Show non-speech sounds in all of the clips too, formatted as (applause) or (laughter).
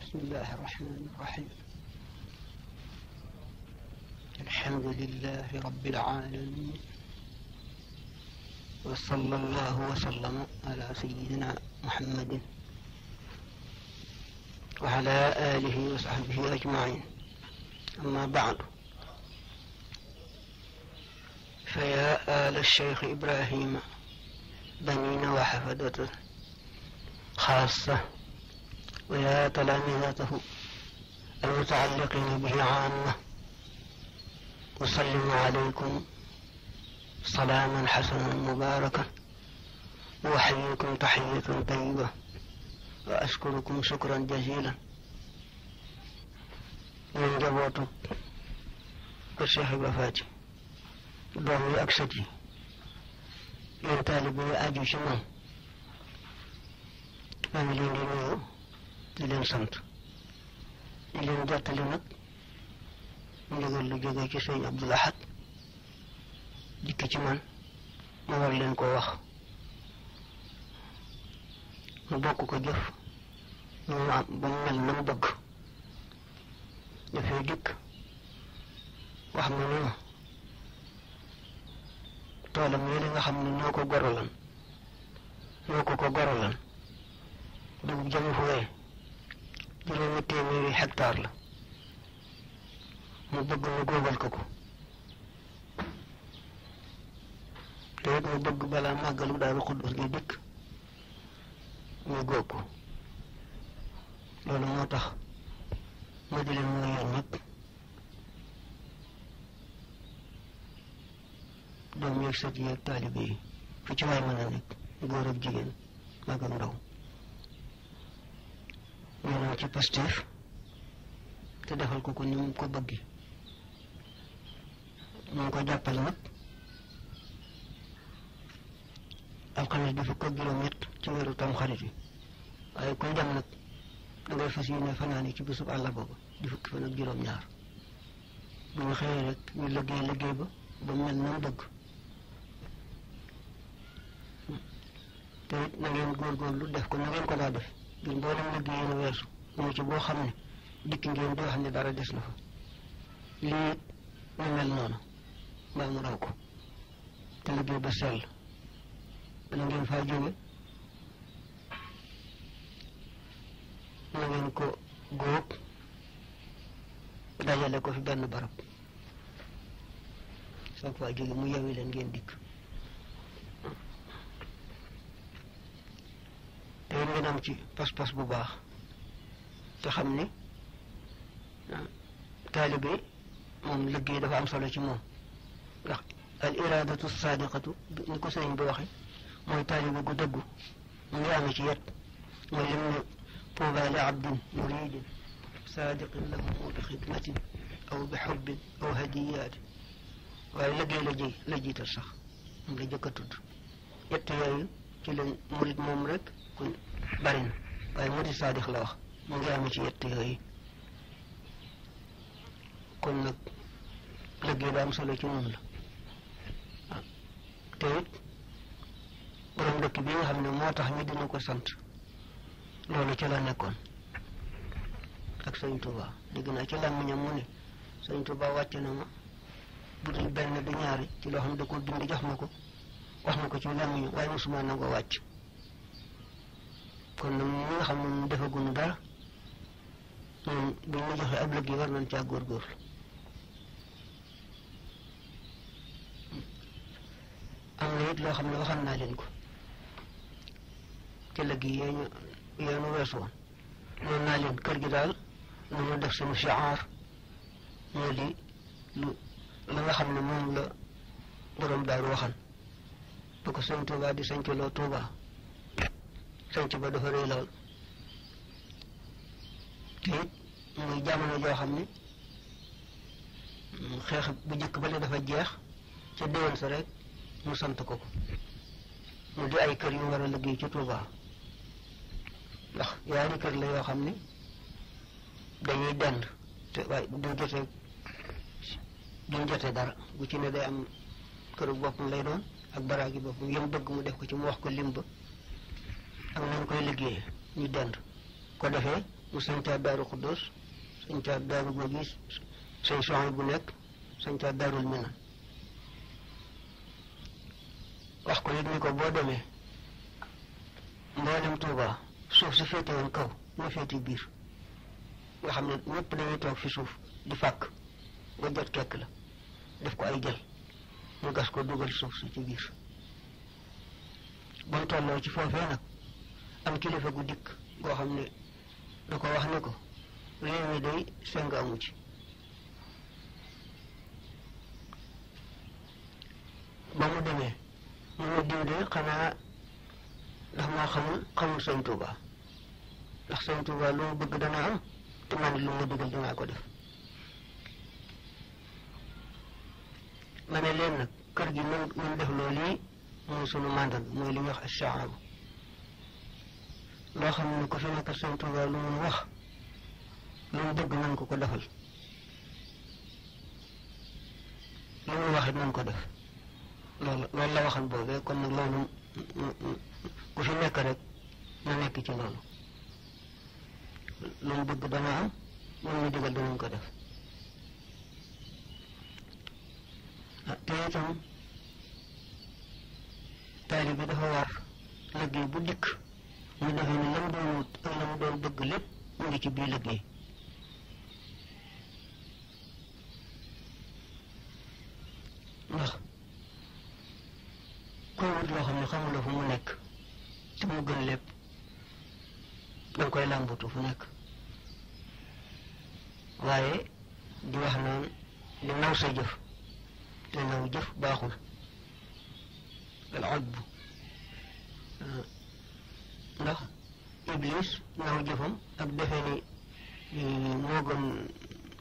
بسم الله الرحمن الرحيم الحمد لله رب العالمين وصلى الله وسلم على سيدنا محمد وعلى آله وصحبه أجمعين أما بعد فيا آل الشيخ إبراهيم بنين وحفدة خاصة ويا تلامذته المتعلقين به عامة أسلم عليكم سلاما حسنا مباركا وأحييكم تحية طيبة وأشكركم شكرا جزيلا من جبوتك الشيخ بفاتي دومي أكسجي yéen taalibe yu aju ci moom maa ngi leen di nuyu di leen sant di leen jottali nag ndigal lu jóge ci sëñ Abdul ci man ma war leen koo wax mu bokk ko jëf ñu am ba mu mel na wax ma noonu toolam yooyu nga xam ne noo ko gorolan noo ko ko gorolan dugub jami fooyee juróomi téeméeri hectare la mu bëgg mu góobal ko ko te it mu bëgg balaa màggalu daal xudus gi dikk ñu góob loolu moo tax sët yi ak taalibe yi fu ci waay mën a nekk góor ak jigéen mag ak ndaw ñoo ci pasteur te defal ko ko ni mu ko bëggi mu ngi ko jàppale nag alxames bi fukk ak juróom-ñett ci weeru Tamxarit yi waaye koy dem nag dangay fas yéene fanaani ci bésub àll boobu di fukki fan ak juróom-ñaar bu ñu xëyee rek ñu liggéey liggéey ba ba mel na mu bëgg te it na ngeen def ko na ngeen ko daa def ngir mboolem liggéey yéen weesu ñëw ci boo xam ne dikk ngeen doo xam ne dara des na fa lii mu mel ko te dajale ko fi benn barab soo ko faa jóge mu yewi leen ngeen dikk te ngeen am ci pas-pas bu baax te xam ni ah, taalibe moom liggéey dafa am solo ci moom ndax al iradatu sadiqatu ni ko sëriñ bi waxe mooy taalibe gu dëggu mu ngi amee ci yet mooy lim ne poobali abdin muridin saadiqin lahu bi xidmatin aw bi xubbin aw hadiyaatin waaye liggéey la ji la jiital sax mu ngi jëkk a tudd yett yooyu ci la murid moom rek kon bari na waaye moo di saadix la wax mu ngi am ci yett yooyu kon nag liggéey ba am solo ci moom la ah, te it borom dëkk bi nga xam ne moo tax ñu dina ko sant loolu ca la nekkoon ak sëñ Touba dégg naa ci làmmiñam mu ne sëñ Touba wàcc na ma bu dul benn du ñaari ci loo xam ne da ko bind jox ma ko wax ma ko ci làmmiñu waaye mosuma nangoo wàcc kon nag ñi nga xam ne ñu defaguñu dara ñoom bu ñu la joxee ab liggéey war nañ caa góorgóorlu am na it loo xam ne waxoon naa gu ko ci liggéey yooyu ñu yooyu ñu weesu woon noonu naa kër gi daal nu mu def suñu siaar moo di lu la nga xam ne moom la borom daaru waxan ba ko sëñ Tuubaa di sëñ Tuubaa sanc ba dafa rëy lool te muy jamono joo xam ne xeex bu njëkk ba ne dafa jeex ca déwén sa rek mu sant ko ko mu di ay kër yu war a liggéey ci Touba ndax yaari kër la yoo xam ne dañuy dend te waaye duñ jotee duñ jotee dara bu ci ne day am këru boppam lay doon ak baraagi boppam yem bëgg mu def ko ci mu wax ko lim ba ak nañ koy liggéey ñu dend ko defee mu santaat daaru xuddoos santaat daaru bogis sëñ soxna bu nekk santaat daarul mina wax ko it ni ko boo demee mboolem Tuuba suuf si féete woon kaw na féete biir nga xam ne ñëpp dañuy toog fi suuf di fàkk nga jot kekk la def ko ay jël mu gas ko dugal suuf si ci biir ba tolloo ci foofee nag am kilifa gu dikk goo xam ne da ko wax ne ko réew mi day seng amu ci ba mu demee mu ne diw de xanaa ndax maa xamul xamul sëñ Tuuba ndax sëñ Tuuba lu mu bëgg dana am te man lu mu digal dinaa ko def ma ne leen nag kër gi mën mën def loolu yi mooy sunu màndal mooy li ñuy wax acharabu loo xam ne ko fi nekk sëñ Tuuba lu mu wax lu mu bëgg nañ ko ko defal lu mu wax it nañ ko def loolu loolu la waxal boobee kon nag loolu ku fi nekk rek na nekk ci loolu lu mu bëgg dana am lu mu digal danañ ko def ah, te itam taali bi dafa war liggéey bu dikk muy defee ne lam doon wut ak lam doon bëgg lépp mu ngi ci biir liggéey ndax kuy wut loo xam ne xamuloo fu mu nekk te mu gën lépp danga koy làmbutu fu nekk waaye di wax naan di naw sa jëf te naw jëf baaxul al ojbu ndax iblis ñaaw jëfam ak defe ni moo gën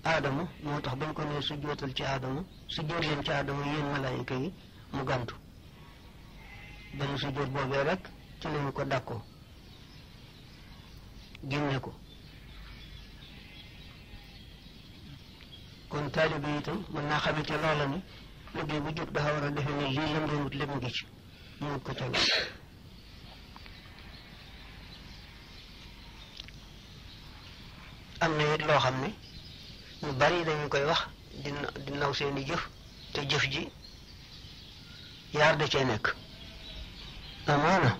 aadama moo tax bañ ko nee su jootal ci aadama su joot leen ci aadama yéen malaayika yi mu gàntu benn su joot boobee rek ci lañu ko dàkkoo génne ko kon taalibe bi itam mën naa xamee ca loola ni bu jóg dafa war a defe ne lii lam doon wut ngi ci mu wut ko ca loolu am na it loo xam ne ñu bari dañu koy wax di di naw seeni jëf te ji yaar da cee nekk amaana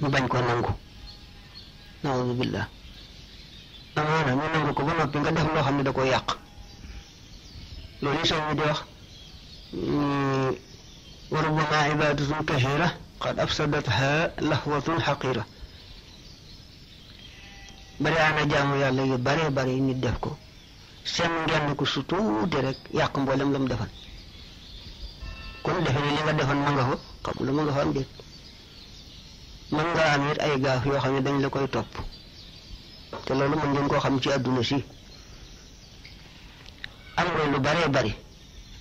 ñu bañ ko nangu naawuzu billah amaana ñu nangu ko ba noppi nga def loo xam ne da ko yàq loolu yi soo mu di wax wa rubbama ibadatun qad afsadatha lahwatun xaqira bari ana jaamu yàlla yu bare bare nit def ko seen ngenn ko su tuuti rek yàq mboolem la mu defan kon defe ne li nga defan ma nga fa xam lu ma nga fa am déet mën am it ay gaaf yoo xam ne dañ la koy topp te loolu mën ngeen koo xam ci àdduna si am nga lu bare bari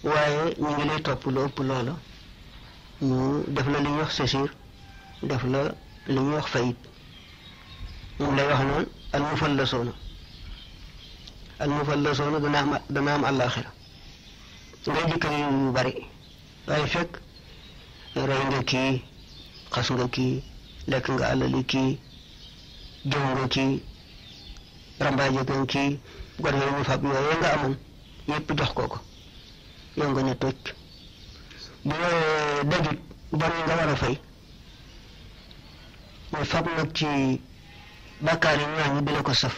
waaye ñu ngi lay topp lu ëpp loola ñu def la li ñuy wax sesir def la li ñuy wax fayit mu lay wax noonu almufallasoona almufallasoona dana am dana am àllaaxira ngay dikkal yu bari waaye fekk rey nga lekk nga àllali kii jëw nga kii rambaaje fab yooyu nga amoon yépp jox ko ko ne toj bu dajut bari nga war a fab nag bàkkaar yi ñu wàññi di ko saf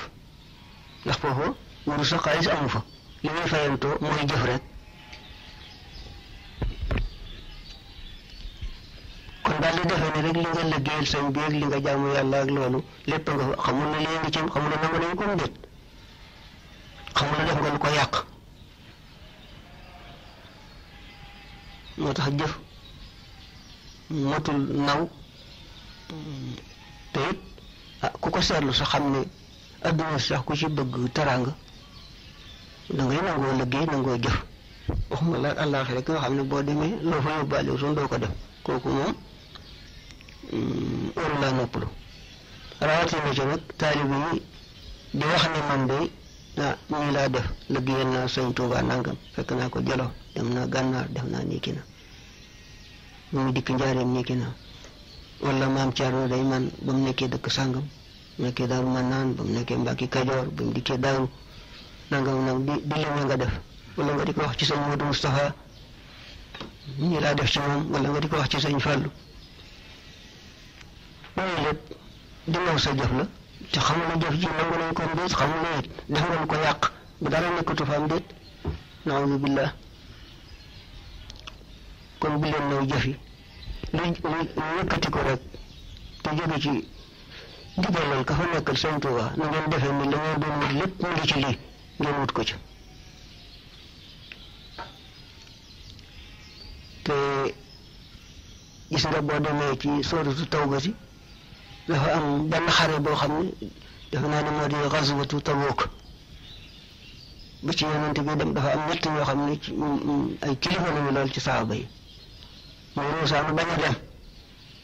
ndax foofu wurus sa xaalis amu fa li ngay fayantoo mooy jëf rek kon daal di defee ne rek li nga liggéeyal sañ bi li nga jaamu yàlla ak loolu lépp nga fa xamul na lii nga ci xamul na nangu nañu ko mu déet xamul na def nga lu ko yàq moo tax jëf motul naw te it Ah, ku ko seetlu sa xam ne adduna sax ku ci bëgg teraanga da ngay nangoo liggéey nangoo jëf waxuma la àllaaxira ki nga xam ne boo demee loo fa yóbbaale wutoon doo ko def kooku moom waru laa noppalu rawatina ci nag taalibe yi di wax ne man de ah nii laa def liggéeyal naa sëñ Tuubaa nangam fekk naa ko jëloo dem naa gànnaar def naa nii ki na mu ngi dikk njaareem nii ki wala maam Thierno day man ba mu nekkee dëkk sàngam bu nekkee daaru man naan ba mu nekkee Mbàkke Kajoor bu mu dikkee daaru nangam nag di di nga def wala nga di ko wax ci sëñ Modou Moustapha mu laa def ci moom di ko wax ci sëñ sa jëf la te xamul a jëf ji nangu nañ ko mbéet xamul ne def nga lu ko yàq bu dara nekkatu fa am déet naawuzu billah kon bu leen naw jëf lu lu yëkkati ko rek te jóge ci ndigalal ka fa nekkal Sëñ Tuubaa na ngeen defee ni la ngeen doon wut lépp ngi ci lii ngeen wut ko ci te gis nga boo demee ci taw Tawba si dafa am benn xare boo xam ne dafa naa ne moo di xasuwatu Tabuuk ba ci yonent bi dem dafa am ñett ñoo xam ne ay kilifa lañu lool ci saaba yi mooy Muusaa mu bañ a dem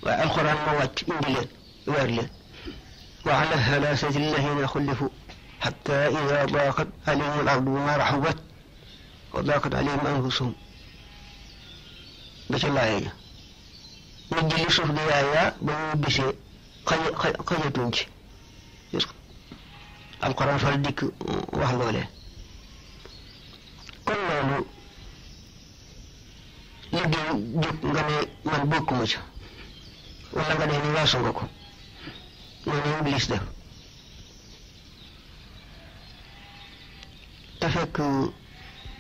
waaye alxuraan moo wàcc indi leen weer leen wa ala halaasati allahiina xullifu xatta ida daaqat alayhim al-ardu bimaa raxubat wa daaqat alayhim anfusuhum ba ca laaya ja mujj li suuf di yaayaa ba ñu bisee xaj xajatuñ ci alxuraan fal dikk wax loolee kon loolu lu diw jóg nga ne man bokkuma ci wala nga dee ni waasu nga ko noonu iblis def te fekk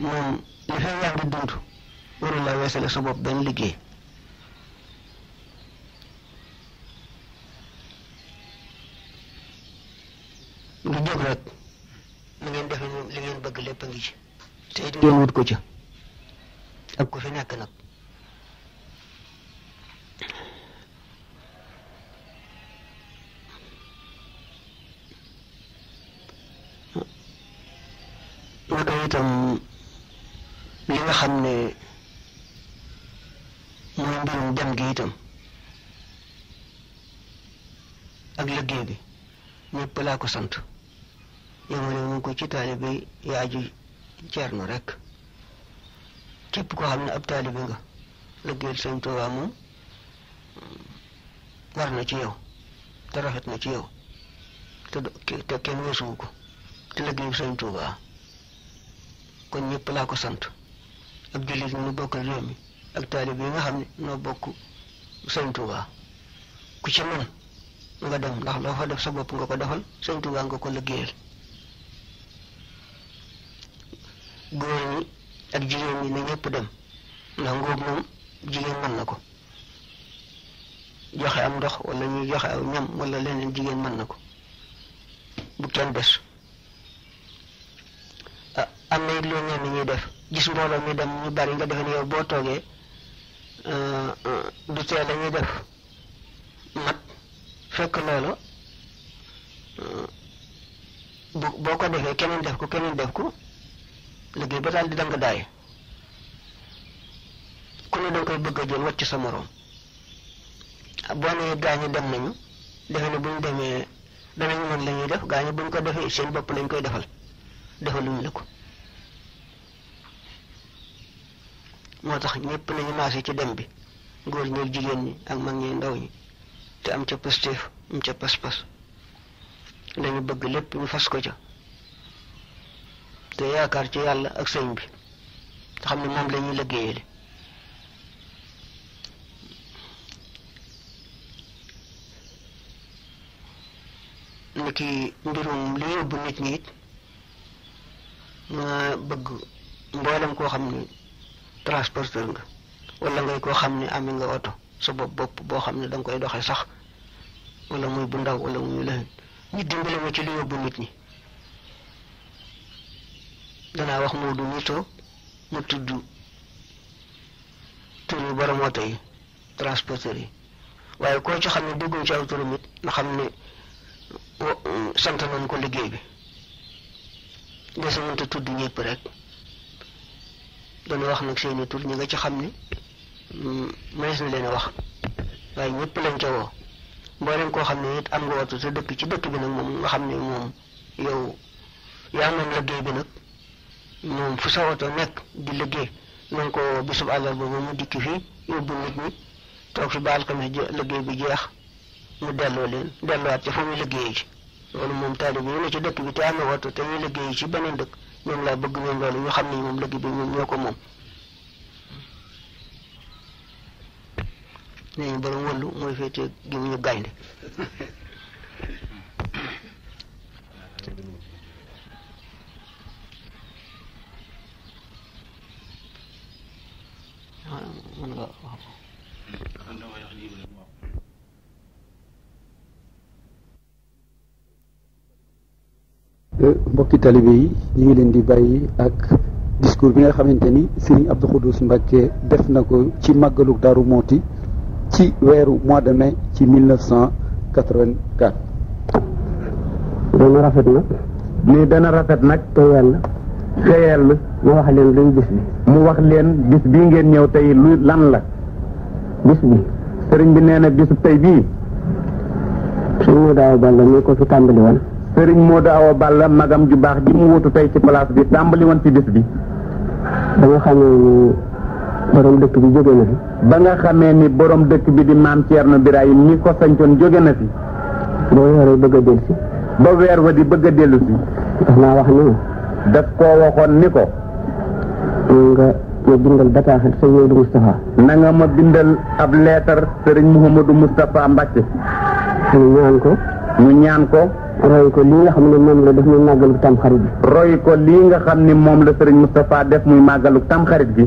moom li fay yaa ngi dund warul laa weesale sa bopp benn liggéey lu jóg rek li ngeen defe moom li ngeen bëgg lépp a ngi ci te it ngeen wut ko ca ak ku fi nekk nag naka itam li nga xam ne mooy mbirum dem gi itam ak liggéey bi ñëpp laa ko sant yamale mu ko ci taalibe yaa ji ceerno rek képp koo xam ne ab taalibe nga liggéeyal Sëñ Tuubaa moom war na ci yow te rafet na ci yow te te kenn weesuwu ko te liggéeyu Sëñ Tuubaa kon ñëpp laa ko sant ak jullit ñu bokkal réew mi ak taalib nga xam ne noo bokk sëñ Tuubaa ku ci mën nga dem ndax loo fa def sa bopp nga ko defal sëñ Tuubaa nga ko liggéeyal góor ñi ak jigéen ñi ne ñëpp dem ndax ngóob moom jigéen mën na ko joxe am ndox wala ñuy joxe aw ñam wala leneen jigéen mën na ko bu kenn des am na it loo ñenn ñuy def gis mbooloo mi dem ñu bari nga defe ne yow boo toogee euh, euh, du tee la ñuy def mat fekk loolu euh, boo ko defee keneen def ko keneen def ku liggéey ba daal di dang daay ku ne danga koy bëgg a jël wàcc sa moroom boo nee gaañu dem nañu defe ne bu ñu demee danañu mën la def gaañu bu ñu ko defee seen bopp lañ koy defal defaluñu la ko moo tax ñëpp nañu maase ci dem bi góor ñeeg jigéen ñi ak mag ñi ndaw ñi te am ca pëstéef am ca paspas pas lañu bëgg lépp ñu fas ko ca te yaakaar ci yàlla ak sëñ bi te xam ne moom la ñuy liggéeyale ni ki li nit ñi it ma bëgg mboolem koo xam ni transporteur nga wala ngay koo xam ne amee nga oto sa bopp bopp boo xam ne da nga koy doxe sax wala muy bu ndaw wala muy lëhën ñu dimbale ma ci lu yóbbu nit ñi danaa wax Moodu Mito mu tudd turu borom oto yi transporteur yi waaye koo ci xam ne dégguñ ci aw turam na xam ne sant nañ ko liggéey bi desa mënta tudd ñëpp rek dana wax nag seeni tur ñi ci xam ni mënees mm, na leen a wax waaye ñëpp lañ ca woo mboolem koo xam ne it am nga watu te dëkk ci dëkk bi nag moom nga xam ne moom yow yaa moom liggéey bi nag moom fu sa woto nekk di liggéey na ko woo bisub àllarba ba mu dikki fii yóbbu nit ñi toog fi ba alxames ji bi jeex mu delloo leen delluwaat ci fa mu liggéey ji loolu moom taalibe yi ne ci dëkk bi te am na watu te ñu liggéey ci beneen dëkk ñoom laa bëgg ñoom loolu ñu xam ne moom lëgg bi ñun ñoo ko moom nee ñu borom wëllu mooy féetee gi mu ñu gaynde (laughs) mën mbokki talibe yi ñu ngi leen di bàyyi ak discours bi nga xamante ni Serigne Abdou Khoudous Mbacké def na ko ci màggalu Daaru Mooti ci weeru mois de mai ci 1984. dana rafet nag. lii dana rafet nag. te yàlla. te yàlla. mu wax leen luy bis bi. mu wax leen bis bii ngeen ñëw tey lu lan la. bis bi. sëriñ bi nee na bisu tey bii. suñu daaw balla ñu ko fi tàmbali woon. sëriñ Modou Awa Balla magam ju baax ji mu wutu tey ci place bi tàmbali woon ci bis bi. ba nga xamee ni borom dëkk bi jóge na fi. ba nga xamee ni borom dëkk bi di maam Thierno Birahim ñi ko sañcoon jóge na fi. ba weer a wa di bëgg a dellu si. daf naa wax ni. daf koo waxoon ni ko. nga ma bindal bataaxal ma bindal ab leetar sëriñ Mouhamadou Moustapha Mbacke. ñu ñaan ko. ñu ñaan ko. roy ko lii nga xam ne moom la def muy màggalu tamxarit bi. roy ko lii nga xam ni moom la Serigne Moustapha def muy màggalu tamxarit bi.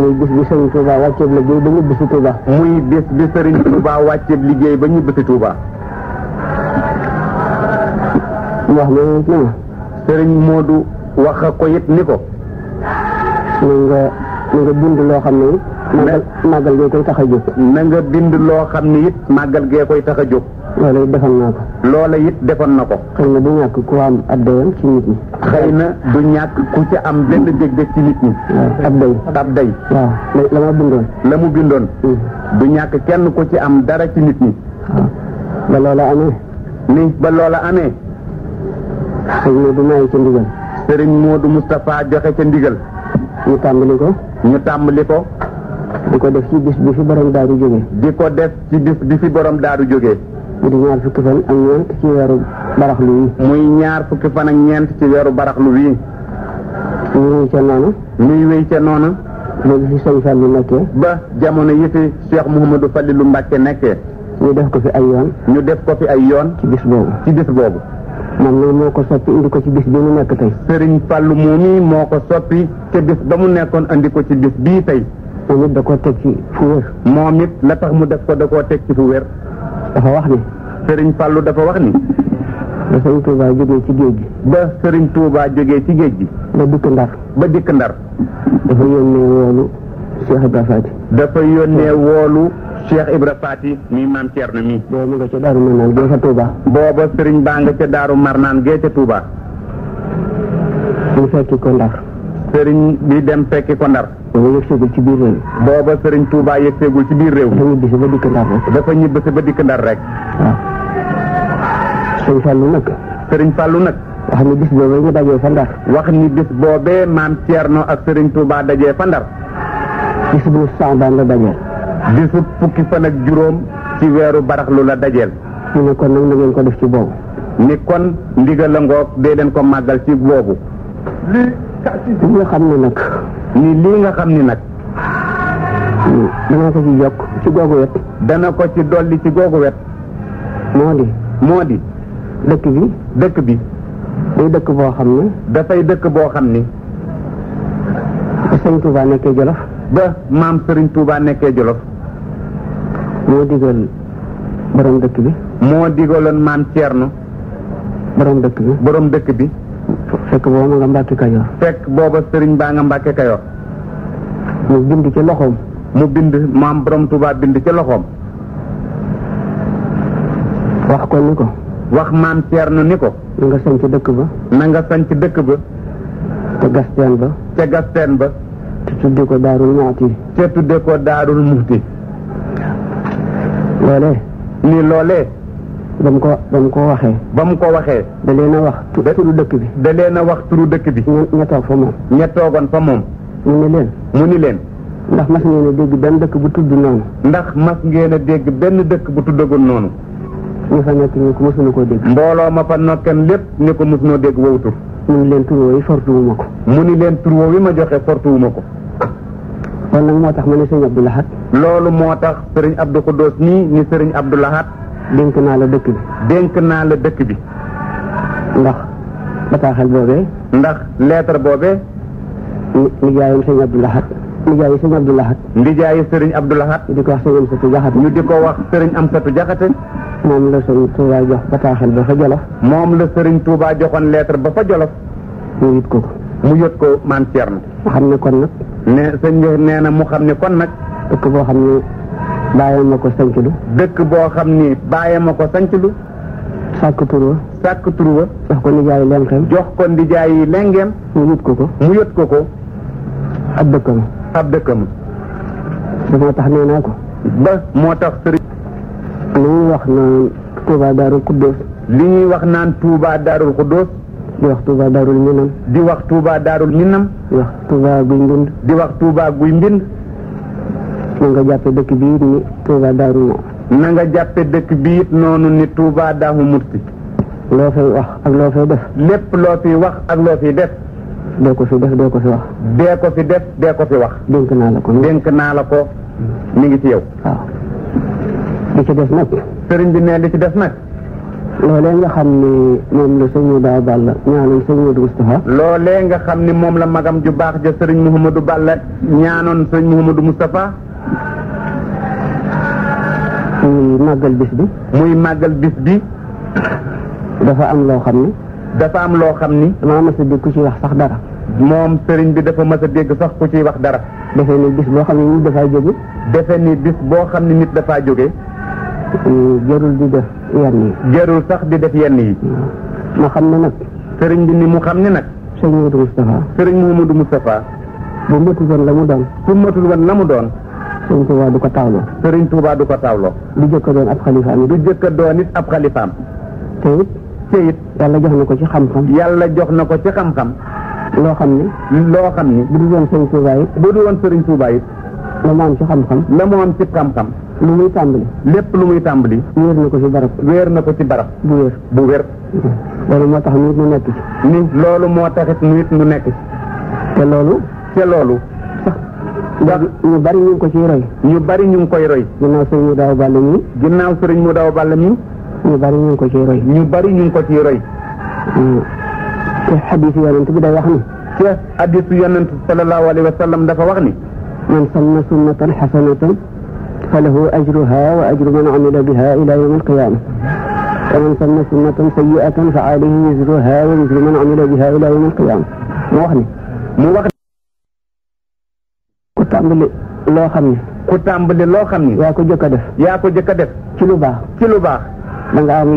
muy bis bi Serigne Touba wàcceeb liggéey ba ñibbi si Touba. muy bis bi Serigne Touba wàcceeb ba ñibbi si Touba. wax nga ko it ni ko. na nga na loo xam ne. màggal màggal gee koy tax a jóg. na nga loo xam ne it màggal gee koy tax a jóg. loola it defoon naa ko. loola it defoon na ko. xëy na du ñàkk ku am ab dayam ci nit ñi. xëy na du ñàkk ku ci am benn dég-dég ci nit ñi. ab day ab day. waaw la ma bindoon. la mu bindoon. Hmm. du ñàkk kenn ku ci am dara ci nit ñi. ba loola amee. ni ba loola amee. xëy na du maye ca ndigal. sëriñ Modou Moustapha joxe ca ndigal. ñu tàmbali ko. ñu tàmbali ko. di ko def ci bis bi fi borom daaru jógee. di ko def ci bis bi fi borom daaru jógee. mu di ñaar fukki fan ak ñeent ci weeru baraxlu wii. muy ñaar fukki fan ak ñeent ci weeru baraxlu wii. muy wéy ca noona. muy wéy ca noona. ba bi fi sëñ Fallou nekkee. ba jamono yi fi Cheikh Mouhamadou Fallilou Mbacke nekkee. ñu def ko fi ay yoon. ñu def ko fi ay yoon. ci bis boobu ci bis moom nag moo ko soppi indi ko ci bis bi mu nekk tey. Serigne Fallou moomi moo ko soppi te bis ba mu nekkoon indi ko ci bis bii tey. moom it da koo teg ci fu wér. moom it la tax mu def ko da koo teg ci fu dafa wax ni. Serigne Fallou dafa wax ni. ba Serigne Touba ci géej gi. ba Serigne Touba jógee ci géej gi. ba dikk ndar. ba dikk ndar. dafa yónnee woolu Cheikh Ibra Faati. dafa yónnee woolu Cheikh Ibra Faati mi maam Thierno mi. booba mu nga ca Daaru Marnaan gee ca Touba. booba Serigne baa nga ca Daaru Marnaan gee ca Touba. mu fekki ko ndar. Serigne bi dem fekki ko ndar. booba yëgseegul ci biir réew booba sëriñ Touba yëgseegul ci biir réew dafa ñibbisi ba dikk ndar rek dafa ñibbisi ba dikk ndar rek waaw sëriñ Fallou nag sëriñ Fallou nag wax ni bis boobee ñu dajee fa ndar wax ni maam Thierno ak sëriñ Touba dajee fa ndar bis bu saabaan la dajeel bisu fukki fan ak juróom ci weeru baraxlu la dajeel ñu ne kon nag na ngeen ko def ci boobu ni kon ndigal la ngoog dee leen ko màggal ci boobu li nga xam ne nag ni lii nga xam ni nag. dana ko ci yokk ci googu wet. dana ko ci dolli ci googu wet. moo di. moo di. dëkk bi. dëkk bi. day dëkk boo xam ne. dafay dëkk boo xam ni. ba sëñ Touba nekkee Jolof. ba maam Serigne Touba nekkee Jolof. moo digal borom dëkk bi. moo digaloon maam na borom dëkk bi. borom dëkk bi. fekk booba ma nga mbàkke kayoor fekk booba sëriñ baa nga mbàkke kayoor mu bind ci loxoom mu bind maam borom Touba bind ci loxoom wax ko ni ko wax maam Thierno ni ko na sañ ci dëkk ba na sañ ci dëkk ba te gasteen ba te gasteen tudde ko daarul muxti te tudde ko daarul muxti loolee ni loolee ba mu ko ba mu ko waxee. ba mu ko waxee. da leen a wax turu dëkk bi. da leen wax turu dëkk bi. ña toog fa moom. ña toogoon fa moom. mu ni leen. mu ni leen. ndax mas ngeen a dégg benn dëkk bu tudd noonu. ndax mas ngeen dégg benn dëkk bu tuddagul noonu. ñu fa nekk ñu ko mosuñu koo dégg. mbooloo ma fa nokken lépp ñu ko mosuñoo dégg wow mu ni leen tur woowu fortuwuma ko. mu ni leen tur woowu ma joxe fortuwuma ko. loolu nag moo tax ma ne sëriñ Abdou Lahad. loolu moo tax sëriñ Abdou Khoudous nii ni sëriñ Abdou Lahad dénk naa la dëkk bi. dénk naa la dëkk bi. ndax bataaxal boobee. ndax lettre boobee. nijaayam sëñ Abdou Lahad. nijaayu sëñ Abdou Lahad. nijaayu sëriñ Abdou Lahad. di ko wax sëriñ Amsatu Jaxate. ñu di ko wax sëriñ Amsatu Jaxate. moom la sëriñ Touba jox bataaxal ba fa Jolof. moom la sëriñ Touba joxoon lettre ba fa Jolof. mu yët ko ko. mu yët ko maam Thierno. xam ne kon nag. ne sëñ bi nee na mu xam ne kon nag. dëkk boo xam ne. bàyyi ma ko sanclu dëkk boo xam ni bàyyi a ko sanclu sàkk tur wa sàkk tur wa jox ko nijaay lengeem jox ko nijaay lengeem mu yët ko ko mu yët ko ko ab dëkkam ab dëkkam ba moo tax nee ko ba moo tax sëriñ li ñuy wax naan Touba Darou Khoudoss li ñuy wax naan Touba Darou Khoudoss di wax Touba Darou Minam di wax Touba Darou Minam di wax Touba Guy Mbind di wax Touba Guy Mbind na nga jàppe dëkk bi ni Touba Daaru Muxti na nga jàppe dëkk bi it noonu ni Touba Daaru Muxti loo fay wax ak loo fay def lépp loo fi wax ak loo fi def dee ko fi def dee ko fi wax dee ko fi def ko wax dénk naa la ko dénk naa la ko mu ngi ci yow waaw di ci def nag sëriñ bi ne di ci def nag loolee nga xam ni moom la sëñ Daaw Balla ñaanoon sëñ Modou Moustapha loolee nga xam ni moom la magam ju baax ja sëriñ Mouhamadou Balla ñaanoon sëñ Mouhamadou Moustapha muy màggal bis bi. muy màggal bis bi. dafa am loo xam ni. dafa am loo xam ni. damaa mës a dégg ku ci wax sax dara. moom sëriñ bi dafa mës a dégg sax ku ciy wax dara. defe ni bis boo xam ne nit dafaa jóge. defe ni bis boo xam ne nit dafaa jóge. Mm, jarul di def yenn yi. jarul sax di def yenn yi. Mm. ma xam ne nag. sëriñ bi ni mu xam ne nag. sëriñ Mouhamadou Moustapha. sëriñ Mouhamadou Moustapha. bu matul woon la mu doon. bu matul woon la mu doon. Sëriñ Touba du ko taawloo. Sëriñ Touba du ko taawloo. du jëkk doon ab xalifaam. du jëkk doon it ab xalifaam. te it. te it yàlla jox na ko ci xam-xam. yàlla jox na ko ci xam-xam. loo xam ni. loo xam ni. bu du woon Sëriñ Touba it. bu du woon Sëriñ Touba it. la mu am ci xam-xam. la ci xam-xam. lu muy tàmbali. lépp lu muy tàmbali. wéer na ko ci barab. wéer na ko ci barab. bu wér bu wér. loolu moo tax nit mu nekk ci. ni loolu moo taxit nit mu nekk ci. te loolu. te loolu. ñu bari ñu ngi ko ciy roy ñu bari ñu ngi koy roy ginnaaw sëriñ mu daaw bàll mi ginnaaw sëriñ mu daaw bàll mi ñu bari ñu ngi ko ciy roy ñu bari ñu ngi ko ciy roy mm. ci xadiis yonent bi day wax ni ci xadiis yonent sallallahu alayhi wa sallam dafa wax ni man sanna sunnatan xasanatan fa lahu ajruha wa ajru man amila biha ila yawm alqiyama wa man sanna sunnatan sayyi'atan fa alayhi wizruha wa wizru man amila biha ila yawm alqiyama mu wax ni tàmbali loo xam ne. ku tàmbali loo xam ni. yaa ko jëkk yaa ko jëkk a lu baax. ci lu baax. da nga am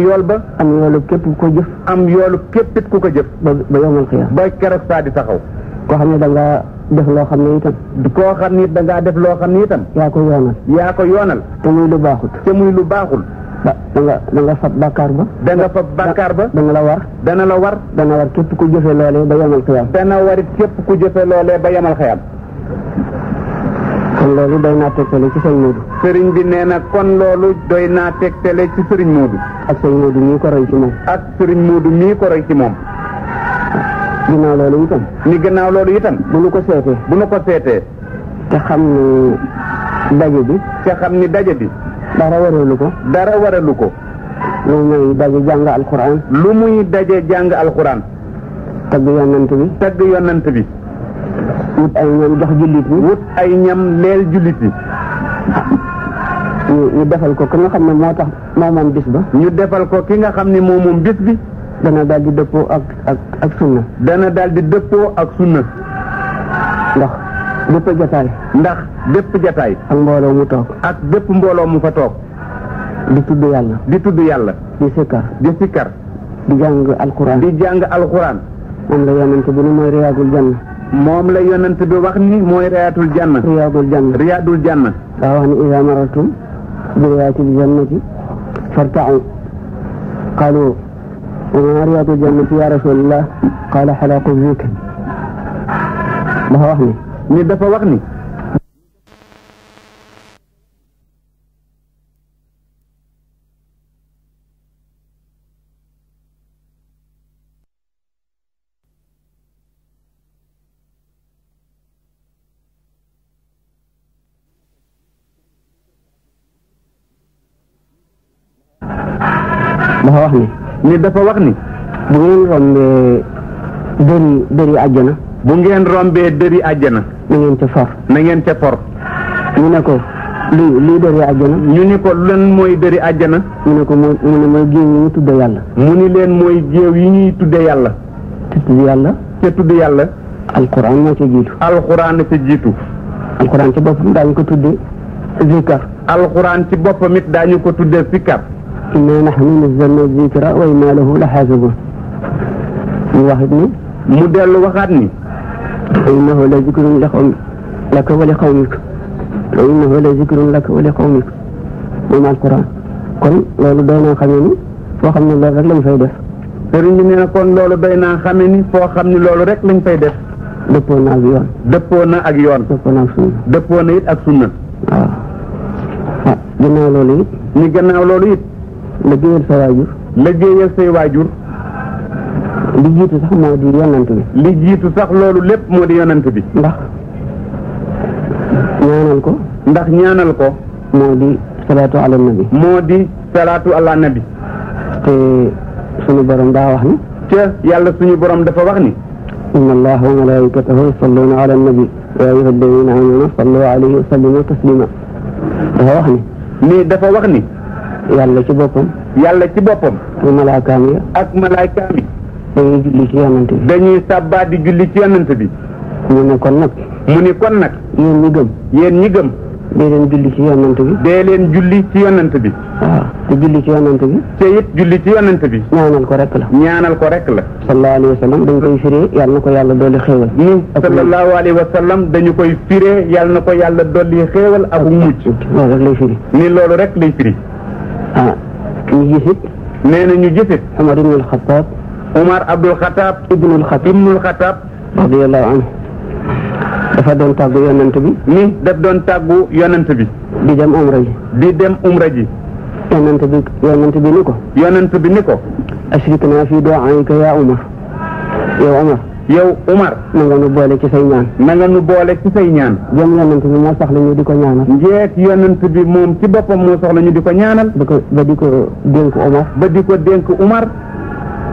yool ba. ba. am yoolu ko jëf. am yoolu képp it ku ko jëf. ba ba yomal xiyam. ba keroog saa di taxaw. koo xam ne danga nga def loo xam ne itam. koo xam da ngaa def loo xam ne itam. yaa ko yoonal. yaa ko yoonal. te muy lu baaxul. te muy lu baaxul. ba da nga da nga fab bàkkaar ba. da nga fab bàkkaar ba. da la war. dana la war. dana war képp ku jëfe loolee ba yomal xiyam. dana warit képp ku kon loolu doy naa tegtale ci sëñ sëriñ bi nee na kon loolu doy naa tegtale ci sëriñ Moodu. ak sëriñ Moodu mii ko roy moom. ak sëriñ Moodu mii ko roy ci moom. ginnaaw loolu itam. ni ginnaaw loolu itam. bu nu ko seetee. bu nu ko seetee. te xam ni daje bi. te xam ni daje bi. dara waralu ko. dara waralu ko. lu muy daje jàng alquran. lu muy daje jàng alquran. tagg yonant bi. tagg yonant bi. wut ay ñam ay ñam leel jullit bi ñu defal ko ko nga xam ne moo tax moo moom bis ba ñu defal ko ki nga xam ne moo moom bis bi dana daal di dëppoo ak ak ak sunna dana daal di dëppoo ak sunna ndax bépp jataay ndax bépp jataay ak mbooloo mu toog ak bépp mbooloo mu fa toog di tudd yàlla di tudd yàlla di sikkar di sikkar di jàng alquran di jàng alquran moom la yonent bi ne mooy riyaagul janna moom la yonent bi wax ni mooy riyaatul janna. riyaadul janna riyaadul janna. daa wax ni idaa marartum bi riyaatil jannati fartau qaalu wa maa riyaadul jannati yaa rasulallah qaala xalaaqu zikr dafa wax ni. ni dafa wax ni. ni dafa wax ni. bu ngeen rombee dëri dëri àjjana. bu ngeen rombee dëri àjjana. na ca for. na ngeen ca for. ñu ne ko lu lii dëri àjjana. ñu ni ko lan mooy dëri àjjana. mu ne ko mooy mu ne mooy géew yi ñuy tudde yàlla. mu ni leen mooy géew yi ñuy tudde yàlla. te tudd yàlla. te tudd yàlla. alquran moo ca jiitu. alquran ca jiitu. alquran ci ko tudde zikar. ci boppam it daañu ko tudde zikar. inna nahnu nazzalna zikra wa inna lahu lahaafidun mu waxit ni mu dellu waxaat ni wa innahu la zikrun laka wa li qawmik wa innahu la zikrun laka wa li qawmik moom alquran kon loolu doy naa xamee ni foo xam ne loolu rek lañ fay def sëriñ bi nee na kon loolu doy naa xamee ni foo xam ne loolu rek lañ fay def dëppoo na ak yoon dëppoo na ak yoon dëppoo na ak sunna dëppoo na it ak sunna waaw ah ginnaaw loolu it ni gannaaw loolu it liggéeyal sa waajur. liggéeyal say waajur. li jiitu sax moo di yonant bi. li jiitu sax loolu lépp moo di yonant bi. ndax ñaanal ko. ndax ñaanal ko. moo di salaatu ala nabi. moo di salaatu ala nabi. te suñu borom daa wax ni. ca yàlla suñu borom dafa wax ni. inna allaha wa malaikatahu yusalluna ala nabi ya ayyuha alladina amanu sallu alayhi wa sallimu taslima dafa wax ni. ni dafa wax ni. yàlla ci boppam. yàlla ci boppam. ak malaakaam yi. ak malaakaam yi. dañuy julli ci yonent bi. dañuy sàbbaat di julli ci yonent bi. mu ne kon nag. mu ni kon nag. yéen ñi gëm. yéen ñi gëm. dee leen julli ci yonent bi. dee leen julli ci yonent bi. waaw te julli ci yonent bi. te julli ci yonent bi. ñaanal ko rek la. ñaanal ko rek la. sallallahu alayhi wa sallam dañ koy firee yàlla na ko yàlla dolli xéewal. ni sallallahu alayhi wa sallam dañu koy firee yàlla na ko yàlla dolli xéewal ak mucc. loolu rek lay firi. ni rek lay ah ñu gis it. nee na ñu gis it. Omar Ibnul Xataab. Omar Abdul Xataab. Ibnul Xataab Ibnul Xataab. radiyallahu anhu. dafa doon tàggu yonent bi. ni daf doon tàggu yonent bi. di dem umra ji. di dem umra ji. yonent bi yonent bi ni ko. yonent bi ni ko. ashrik naa fi du'aika yaa Omar yow Omar. yow Umar. na nga nu boole ci say ñaan. na nga nu boole ci say ñaan. jëm yonent bi moo soxla ñu di ko ñaanal. njeet yonent bi moom ci boppam moo soxla ñu di ko ñaanal. ko ba ko dénk ba di ko dénk Umar.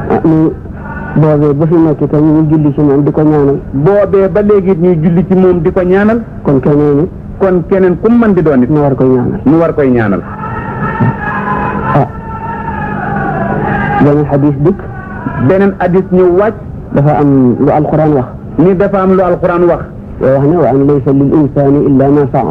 Ah, boobee ba di ko ñaanal. boobee ba léegi ñuy julli ci moom di ko ñaanal. kon keneen kon keneen ku mën di doon it. ñu war koy ñaanal. ñu war koy ñaanal. ah. beneen dikk. beneen hadis ñu wàcc. dafa am lu alquran wax. ni dafa am lu alquran wax. wax ne wa an laysa lil insani illa ma saa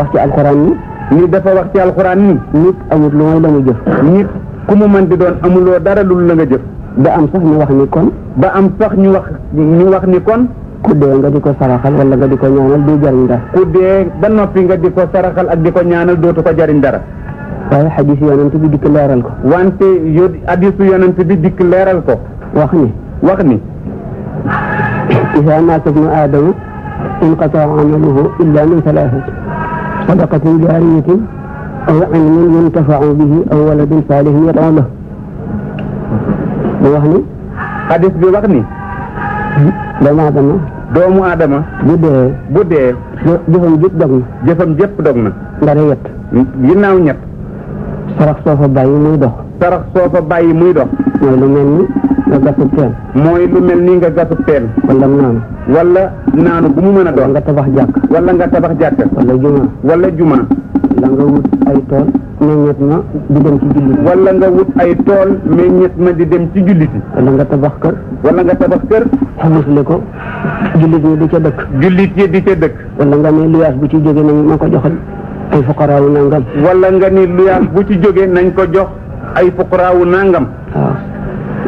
wax ci alquran ni. ni dafa wax ci alquran ni. nit amul lu mooy la nga jëf. nit ku mu mën di doon amuloo dara lu la nga jëf. ba am sax ñu wax ni kon. ba am sax ñu wax ñu wax ni kon. ku dee nga di ko saraxal wala nga di ko ñaanal du jariñ dara. ku dee ba noppi nga di ko saraxal ak di ko ñaanal dootu ko jariñ dara. waaye xadis yonent bi dikk leeral ko. wante yo xadisu yonent bi dikk leeral ko. wax ni. wax ni. isa maata bnu aadama inqataa amaluhu illa min talaahat sadaqatin jaariyatin aw ilmin yuntafau bihi aw waladin saalihin yad'u lahu mu wax ni. xadis bi wax ni. doomu aadama. doomu aadama. bu dee. bu dee. jëfam jëpp dog na. jëfam jëpp dog na. ndare yett. ginnaaw ñett. sarax soo fa bàyyi muy dox. sarax soo fa bàyyi muy dox. mooy lu mel ni nga gasub teen. mooy lu mel ni nga gasub teen. wala naanu. bu mu mën a doon. wala nga tabax jàkk. wala nga tabax jàkk. wala juma. wala juma. nga wut ay tool. meññet ma di dem ci julliti. wala nga wut ay tool meññet ma di dem ci julliti. wala nga tabax kër. walla nga tabax kër. xamusle ko. jullit yi di ca dëkk. jullit yi di ca dëkk. wala nga ne luyaas bu ci jógee nañ ma ko joxal. ay fuqaraawu nangam. wala nga ni luyaas bu ci jógee nañ ko jox ay fuqaraawu nangam. waaw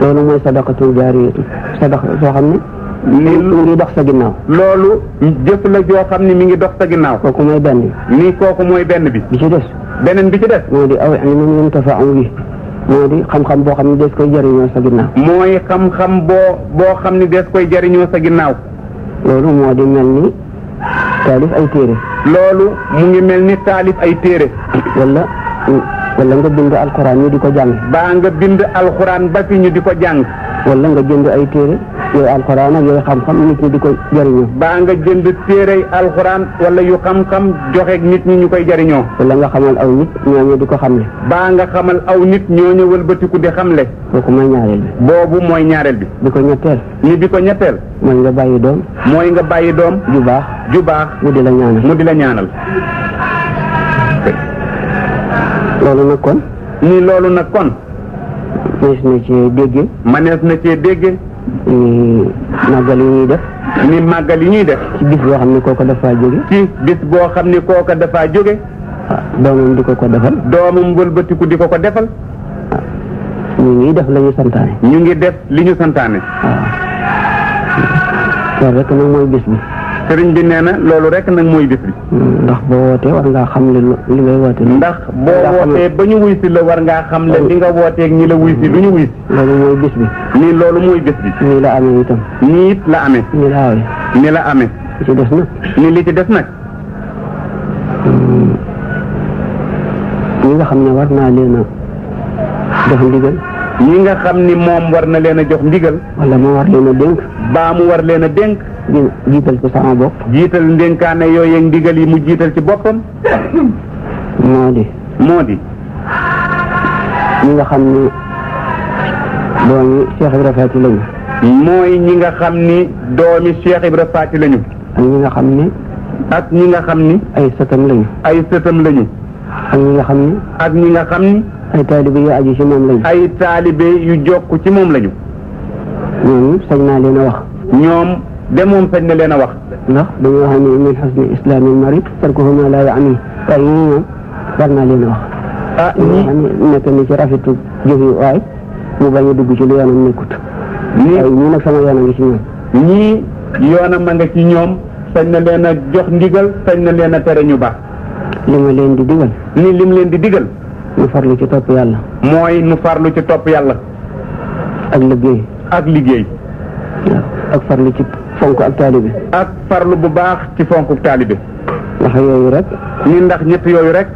loolu mooy sadaqatul jaariyatu xam ne. ni mi ngi sa ginnaaw. loolu jëf la joo xam ne mi ngi dox sa ginnaaw. mooy benn bi. mooy benn bi. di aw ilmin yuntafa'u bihi moo xam-xam boo xam ne des koy jëriñoo sa ginnaaw. mooy xam-xam boo xam ne des koy jëriñoo sa ginnaaw. loolu moo di mel ni taalif ay téere. loolu mu ngi mel ni taalif ay téere. wala wala nga bind alxuraan ñu di ko jàng. baa nga bind alxuraan ba fi ñu di ko jàng. wala nga jënd ay téere. yooyu alxuraan ak yooyu xam-xam nit ñi di koy jëriñoo. baa nga jënd téerey alxuraan wala yu xam-xam joxe nit ñi ñu koy jëriñoo. wala nga xamal aw nit ñooñu di ko xamle. baa nga xamal aw nit ñoo ñooñu wëlbatiku di xamle. kooku mooy ñaareel bi. boobu mooy ñaareel bi. di ko ñetteel. ni di ko ñetteel. mooy nga bàyyi doom. mooy nga bàyyi doom. ju baax ju baax. mu di la ñaanal mu di la ñaanal. loolu nag kon. ni loolu nag kon. mënees na cee déggee. mënees na cee déggee. màggal yi ñuy def. ni màggal yu ñuy def. ci bis boo xam ne kooka dafaa jóge. ci bis boo xam ne kooka dafaa jóge. waaw ah doomam di ko ko defal. doomam wëlbatiku di ko ko defal. Ah ñu ngi def la ñu santaane. ñu ngi def li ñu santaane. waaw. loolu rek nag mooy bis bi. sëriñ bi nee na loolu rek nag mooy bis bi. ndax boo wootee war ngaa xam la li ngay woote. ndax boo wootee ba ñu wuy si la war ngaa xam ne li nga wooteeg ñi la wuy si lu ñu wuy si. loolu mooy bis bi. nii loolu mooy bis bi. nii la amee itam. la amee. nii li ci des nag. nii hmm. ñi nga xam ne war naa leen jox ndigal. ñi nga xam ni moom war na leen a jox ndigal. wala moo war leen a dénk. baa mu war leen a dénk. jiital ci sama bopp. jiital ndénkaane yooyu ak ndigal yi mu jiital ci boppam. moo di. moo di. ñi nga xam ni doomi Cheikh Ibra Faati lañu. mooy ñi nga xam ni doomi Cheikh Ibra Faati lañu. ak ñi nga xam ni. ak ñi nga xam ni. ay sëtam lañu. ay sëtam lañu. ak ñi nga xam ni. ak ñi nga xam ni. ay taalibe yu aju ci moom lañu. ay taalibe yu jokk ci moom lañu. ñoom sañ naa leen wax. ñoom. de moom sañ na leen a wax. ndax dañoo wax ne min xusni naa leen a wax. ah ñii nekk ni ci rafetu jëf yu waay mu bañ a dugg ci lu yoonam nekkut. ñii ñii nag sama yoon a ci ñoom. ñii yoonam a nga ci ñoom sañ na leen a jox ndigal sañ na leen a tere ñu baax. li ma leen di digal. ni lim leen di digal. nu farlu ci topp yàlla. mooy nu farlu ci topp yàlla. ak liggéey. ak liggéey. ak farlu ci. fonk ak taalibe ak farlu bu baax ci fonk taalibe ndax yooyu rek ni ndax ñëpp yooyu rek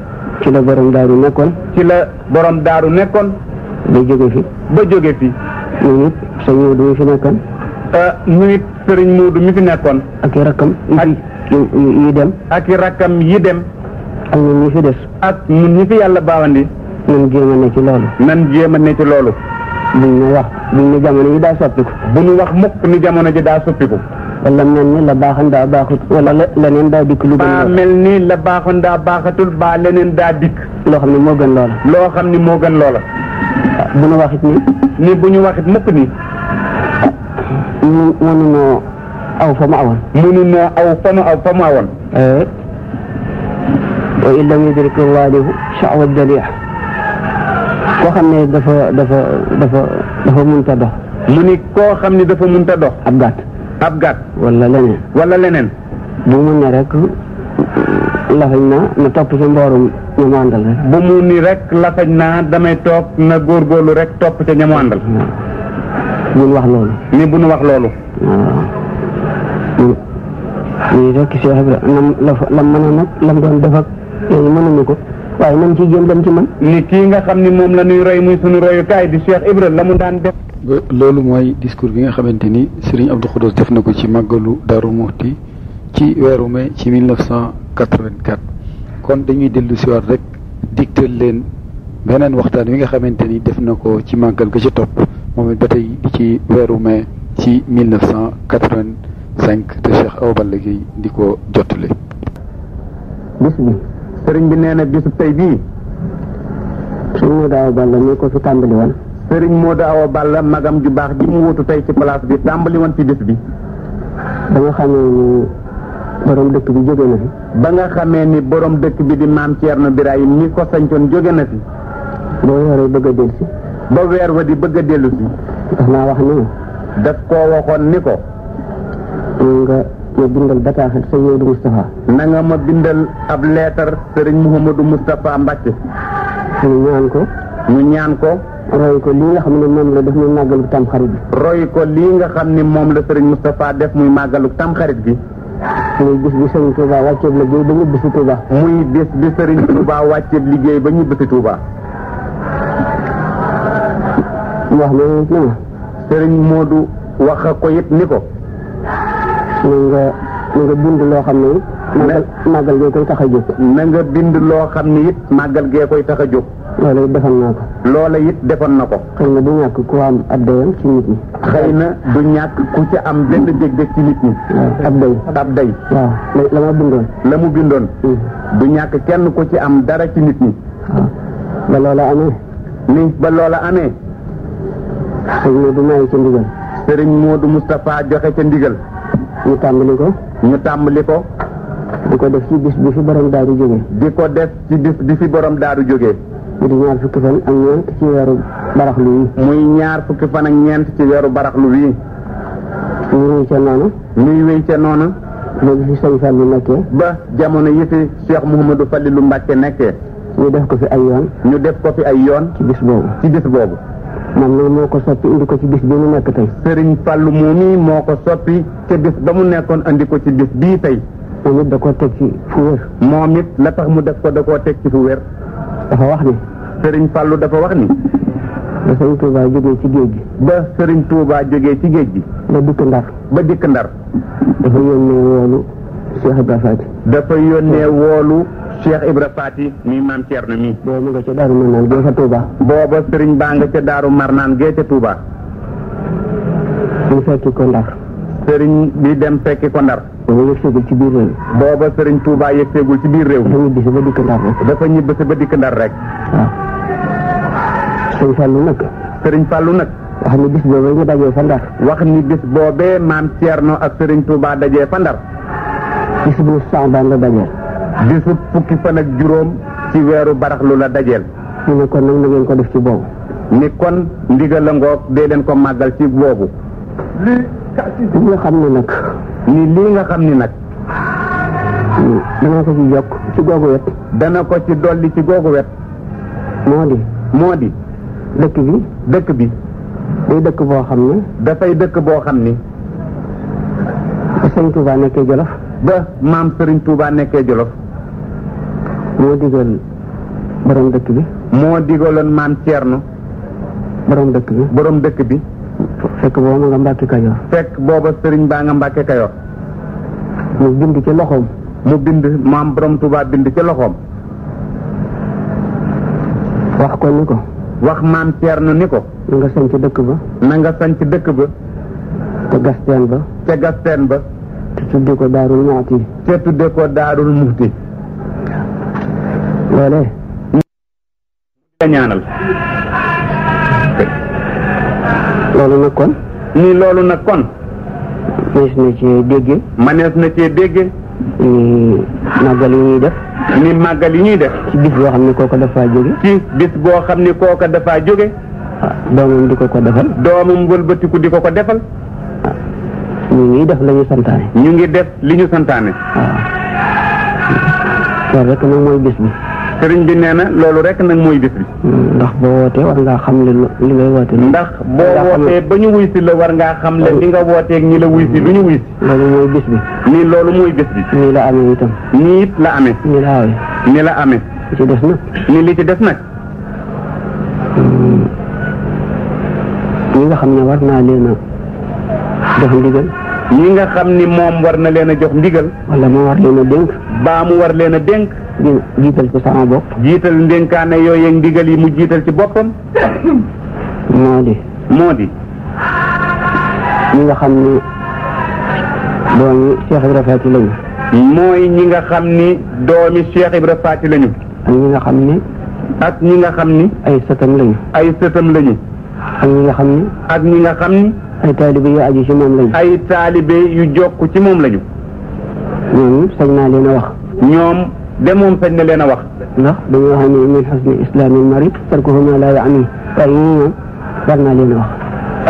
ci la borom daaru nekkoon ci la borom daaru nekkoon ba jóge fi ba jóge fi ñun it sëñ Moodu mi fi nekkoon euh, ñun it sëriñ Moodu mi fi nekkoon ak i rakkam yi dem ak i rakkam yi dem ak ñun ñi fi des ak ñun ñi fi yàlla baawandi nan jéem a ne ci loolu nan jéem ne ci loolu buñ ne wax buñ ne jamono ji daa soppiku. buñ wax mukk ni jamono ji daa soppiku. wala mel ni la baaxoon daa baaxut wala leneen daa dikk lu gën baa mel ni la baaxoon daa baaxatul baa leneen daa dikk. loo xam ne moo gën loola. loo xam ne moo gën loola. bu ñu waxit nii. ni bu ñu waxit mukk nii. mu mënunoo aw fa mu awoon. mënunoo aw fa mu aw fa mu awoon. Eh? wa in lam yudrik al-ghaalib sha'wa ad-daliih koo xam ne dafa dafa dafa dafa munta dox. mu ni koo xam ni dafa munta dox. ab gàtt. ab gàtt. wala leneen. walla leneen. bu mu ne rek lafañ naa na topp ca mbooru ña mu àndal rek. bu mu ni rek lafañ naa damay toog na góorgóorlu rek topp ca ña wax loolu. ni nu wax loolu. waaw. lii la fa a nag ko. waaye nañ ci jéem dem ci mën ni kii nga xam ni moom la ñuy roy muy suñu royukaay di Cheikh Ibra la mu daan def loolu mooy discours bi nga xamante ni Serigne Abdou Khoudous def na ko ci màggalu Daaru Muxti ci weeru mai ci mille neuf cent quatre kon dañuy dellu siwaat rek digteel leen beneen waxtaan wi nga xamante ni def na ko ci màggal ga ci topp moom it ba tey ci weeru mai ci mille neuf cent quatre-vingt-cinq te Cheikh Awa Balla Gueye di ko jottale bis sëriñ bi nee na bisub tey bii. sëriñ Modou Awa Balla mi ko fi tàmbali sëriñ Modou Awa Balla magam ju baax ji mu wutu tey ci place bi tàmbali woon ci bis bi. ba xamee ni borom dëkk bi jóge na fi. ba nga ni borom dëkk bi di maam Thierno Birahim ñi ko sañcoon jóge na fi. ba weer bëgg a dellu si. di bëgg a daf naa wax ni. daf koo waxoon ni ko. nga. nga bindal bataaxal sëñ Modou ma bindal ab leetar sëriñ Mouhamadou Moustapha Mbacke. ñu ñaan ko. ñaan ko. roy xam ne def muy màggalu tamxarit lii nga xam ne moom la sëriñ Moustapha def muy màggalu tamxarit bi. muy bis bi sëriñ Touba wàcceeb liggéey ba ñibbi si Touba. bi sëriñ Touba wàcceeb liggéey ba ñibbi si Touba. wax loolu yëpp sëriñ Modou wax ko yëpp ni ko. na nga bind loo xam ne it. màggal gee koy tax a jóg. na nga bind loo xam ne it màggal gee koy tax a jóg. loola it defoon naa ko. loola it defoon na ko. xëy na du ñàkk ku am ci am benn dég-dég ci nit ñi. ab day ab day. waaw la ma bindoon. la mu bindoon. Hmm. du ñàkk kenn ku ci am dara ci nit ñi. ba loola amee. ni ba loola amee. sëriñ Modou Maye ca ndigal. sëriñ Modou Moustapha joxe ca ndigal. ñu tàmbali ko. ñu tàmbali ko. di ko def ci bis bi fi borom daaru jógee. di ko def ci bis fi borom daaru di ñaar fukki fan ak ñeent ci weeru baraxlu wii. muy ñaar fukki fan ak ñeent ci weeru baraxlu wii. muy wéy ca noonu. muy wéy ca noonu. ba bi fi sëñ Fallou nekkee. ba jamono yi fi Cheikh Mouhamadou Fallilou Mbacke nekkee. ñu def ko fi ay yoon. ñu def ko fi ay yoon. ci bis boobu ci bis boobu. moom nag moo ko soppi indi ko ci bis bi mu nekk tey. Serigne Fallou moomi moo ko soppi ca bis ba mu nekkoon indi ko ci bis bii tey. moom it da koo teg ci fu la tax mu def ko da koo teg ci fu wér. dafa wax ni. Serigne Fallou dafa wax ni. ba Serigne Touba ci géej gi. ba sëriñ Touba jóge ci géej gi. ba dikk ndar. ba dikk ndar. dafa yónnee woolu Cheikh Ibrahima dafa yónnee woolu Cheikh Ibra Faati mi maam Thierno mi. booba mu nga ca Daaru Marnaan gee ca Touba. booba Serigne Ba nga ca Daaru Marnaan gee ca Touba. mu fekki ko Ndar. Serigne bi dem fekki ko Ndar. booba yëgseegul ci biir réew mi. booba Serigne Touba yëgseegul ci biir réew mi. dafa ñibbisi ba dikk Ndar rek. dafa ñibbisi ba dikk Ndar rek. waaw. Serigne Fallou nag. Serigne nag. wax ni bis boobee ñu dajee fa maam Thierno ak Serigne Touba dajee fa Ndar. bis bu Saabaan la dajee. bisub fukki fan ak juróom ci weeru baraxlu la dajeel mu ne kon nag na ngeen ko def ci boobu ni kon ndigal la ngoog dee leen ko màggal ci boobu lii li nga xam ne nag ni lii nga xam ni nag hmm, dana ko ci yokk ci googu wet dana ko ci dolli ci googu wet moo di moo di dëkk bi dëkk bi day dëkk boo xam ne dafay dëkk boo xam ni ba Sëriñ Tuubaa nekkee Jolof ba maam Sëriñ Tuubaa nekkee Jolof moo digal borom dëkk bi. moo digaloon maam Thierno. borom dëkk bi borom dëkk bi. fekk booba ma nga Mbàkke Kajoor. fekk booba sëriñ baa nga Mbàkke Kajoor. mu bind ci loxoom. mu bind maam borom Touba bind ci loxoom. wax ko ni ko. wax maam Thierno ni ko. na sañ ci dëkk ba. na sañ ci dëkk ba. te gasteen ba. te tuddee ko daarul muxti. te tuddee ko daarul muxti. loolee mu ñaanal loolu nag kon nii loolu nag kon manees na cee dégge manees na cee dégge ni màggal yi ñuy def ni màggal yi ñuy def ci bis boo xam ne kooka dafaa jóge ci bis boo xam ne kooka dafaa jóge ah, doomam di ko ko defal doomam wëlbatiku di ko ko defal ah, ñu ngi def la ñu santaane ñu ngi def li ñu santaane waaw ah. loolu rek nag mooy bis bi sëriñ bi nee na loolu rek nag mooy bis bi. ndax boo wootee war ngaa xam la li ngay wootee. ndax boo wootee ba ñu wuy si la war ngaa xam le li nga wooteeg ñi la wuy si lu ñu wuy si. loolu mooy bis bi. nii loolu mooy bis bi. nii la amee itam. nii it la amee. nii la amee. li ci des nag. nii li ci des nag. Hmm. ñi nga xam ne war naa leen a ndigal. ñi nga xam ni moom war na leen jox ndigal. wala mu war leen a dénk. baa mu war leen a dénk. jiital ci sama bopp. jiital ndénkaane yooyu ak ndigal yi mu jiital ci boppam. moo di. moo di. ñi nga xam ni doomi Cheikh Ibra lañu. mooy ñi nga xam ni doomi Cheikh Ibra Faati lañu. ak ñi nga xam ni. ak ñi nga xam ni. ay sëtam lañu. ay sëtam lañu. ak ñi nga xam ni. ak ñi nga xam ni. ay taalibe yu aju ci moom lañu. ay taalibe yu jokk ci moom lañu. ñoom sañ naa leen wax. ñoom. de moom sañ na leen a wax. ndax dañuy wax ne min xusni islaami marid tarkuhu ma laa yaani waaye ñii moom naa leen a wax.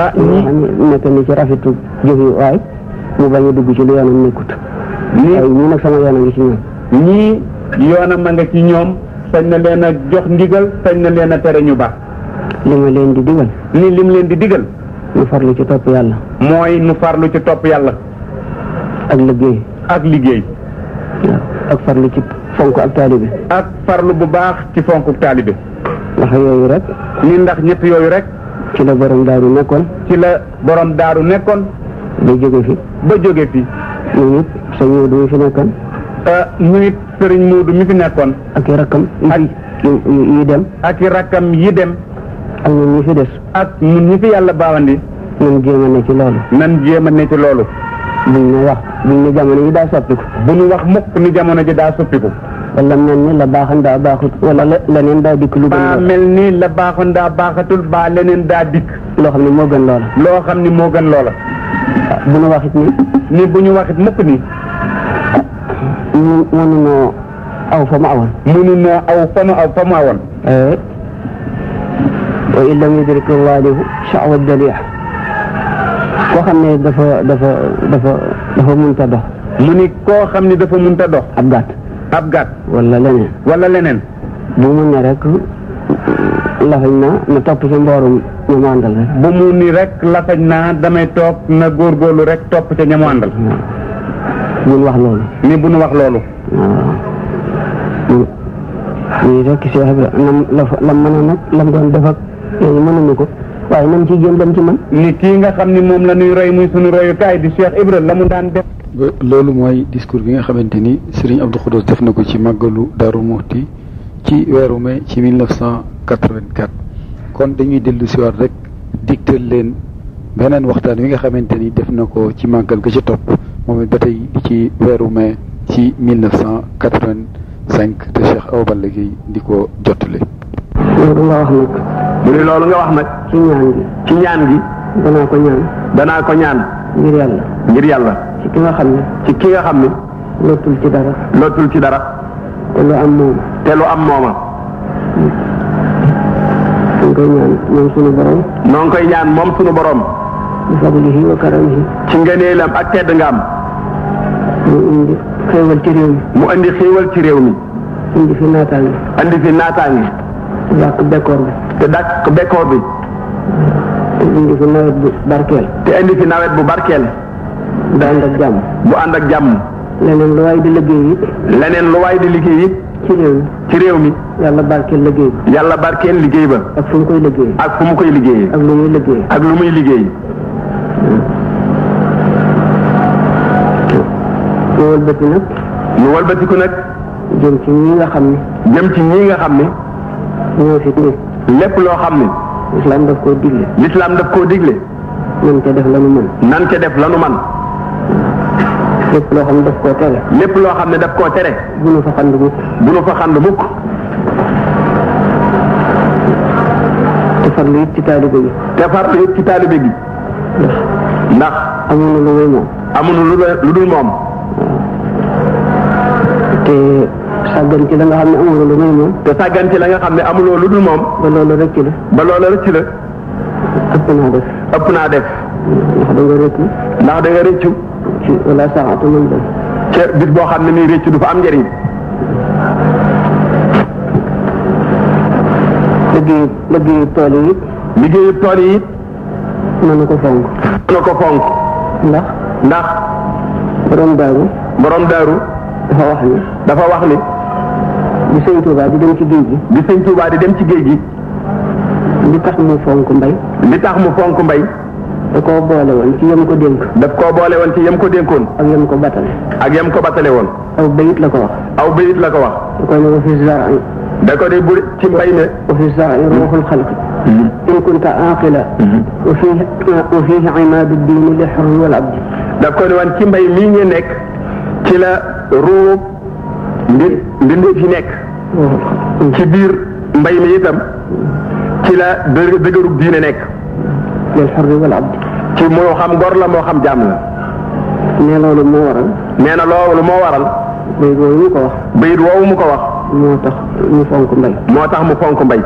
ah ñii nekk na ci rafetu jëf yi waaye mu bañ dugg ci lu yoonam nekkut. ñii nag sama yoon a ci ñoom. ñii yoonam a nga ci ñoom sañ na leen a jox ndigal sañ na leen a tere ñu baax. li ma leen di digal. ni lim leen di digal. nu lu ci topp yàlla. mooy nu farlu ci topp yàlla. ak liggéey. ak liggéey. waaw ak farlu ci. fonk ak taalibe ak farlu bu baax ci fonk taalibe ndax yooyu rek ni ndax ñett yooyu rek ci la borom daaru nekkoon ci la borom daaru nekkoon ba jóge fi ba jóge fi ñu nit sëñ Moodu mi fi nekkoon euh, ñu nit sëriñ Moodu mi fi nekkoon ak i rakkam yi dem ak i rakkam yi dem ak ñun ñi ak ñun ñi fi yàlla baawandi nan jéem a ne ci loolu nan jéem ne ci loolu buñ ne wax buñ ne jamono ji daa soppiku. bu ñu wax mukk ni jamono ji daa soppiku. wala mel ni la baaxoon daa baaxut wala leneen daa dikk lu gën baa mel ni la baaxoon daa baaxatul baa leneen daa dikk. loo xam ne moo gën loola. loo xam ne moo gën loola. Ah, bu ñu waxit nii. ni bu ñu waxit mukk nii. Ah, mu mënunoo aw fa mu awoon. mënunoo aw fa mu aw fa mu awoon. Eh? wa in lam yudrik waalihu sha'wa daliya koo xam ne dafa dafa dafa dafa mënta dox. mu ni koo xam ni dafa mënta dox. ab gàtt. ab gàtt. wala leneen. wala leneen. bu mu ne rek lafañ naa na topp sa mboorum ña mu àndal rek. bu mu ni rek lafañ naa damay toog na góorgóorlu rek topp ca ña àndal. bu wax loolu. ni wax loolu. waaw. lii rek la fa a nag lam doon def ak ko. waaye nañ ci jéem dem ci man ni kii nga xam ni moom la ñuy roy muy suñu royukaay di Cheikh Ibra la mu daan def loolu mooy discours bi nga xamante ni Serigne Abdou Khoudoss def na ko ci màggalu Darou Mouhty ci weeru mai ci mille neuf cent quatre vingt kon dañuy dellu siwaar rek digtal leen beneen waxtaan wi nga xamante ni def na ko ci màggal ga ci topp moom it ba tey ci weeru mai ci mille cent quatre-vingt-cinq te Cheikh Awa Balla Gueye di ko jottali loolu nga wax nag. mu ne loolu nga wax nag. ci ñaan gi. ci ñaan gi. danaa ko ñaan. danaa ko ñaan. ngir yàlla. ngir yàlla. ci ki nga xam ne. ci ki nga xam ne. lottul ci dara. ci dara. te lu am mooma. te lu am mooma. ñu moom sunu borom. ñoo ngi koy ñaan moom sunu borom. bi ci ngëneelam ak tedd nga am. mu indi xéewal ci réew mi. mu indi xéewal ci réew mi. indi fi naataange. indi fi naataange. dàq bekkoor bi. te dàq bekkoor bi. te indi fi nawet bu barkeel. te indi fi nawet bu barkeel. bu ànd ak jàmm. bu ànd ak jàmm. leneen lu waay di liggéey it. leneen lu waay di liggéey it. ci réew mi ci réew mi. yàlla barkeel liggéey bi. yàlla barkeel liggéey ba. ak fu mu koy liggéey. ak fu mu koy liggéey. ak lu muy liggéey. ak lu muy liggéey. ñu wëlbatiku nag. ñu wëlbatiku nag. jëm ci ñi nga xam ne. jëm ci ñi nga xam ni ñoo lépp loo xam ni. lislaam daf koo digle. lislaam daf koo digle. nan ca def lanu mën. nan ca def lanu man lépp loo xam ne daf koo tere. lépp loo xam ne daf koo tere. bu nu fa xand mukk. bu nu fa xand mukk. te farlu it ci taalibe gi. te farlu it ci taalibe gi. ndax. amuñu lu dul moom. amuñu lu dul moom. te. sàggan ci la nga xam ne amuloo lu moom. la nga xam ne amuloo lu moom. ba loola rëcc la. ba loola rëcc la. ëpp naa def. ëpp naa def. ndax bis boo xam ne nii rëccu du fa am njariñ liggéeyu liggéeyu tool yi liggéeyu tool yi it. mën na ko fonk. mën na ko fonk. ndax. ndax. borom daaru. borom daaru. dafa wax ni. dafa wax ni. bi sëñ Touba di dem ci géej gi. bi sëñ Touba di dem ci géej gi. li tax mu fonk mbay. li tax mu fonk mbay. da koo boole woon ci yem ko dénk. daf koo boole woon ci yem ko dénkoon. ak yem ko batale. ak yem ko batale woon. aw bayit la ko wax. aw bayit la ko wax. da ko ne wa fi zar'in. da ko ne bu ci mbay ne. wa fi zar'in ruuxul xalqi. Mhm. in kunta aaqila. Mhm. wa fiihi wa fiihi imaadu diini li xurri wal abdi. da ko ne woon ci mbay mii ngeen nekk ci la ruub. mbir mbindeef yi nekk. ci biir mbay mi itam ci la dë dëgërug diine nekk. loolu xam ci moo xam gor la moo xam jaam la. nee na loolu moo waral. nee na loolu moo waral. bayit woowu mu ko wax. bayit woowu mu ko wax. moo tax mu fonk mbay. moo tax mu fonk mbay.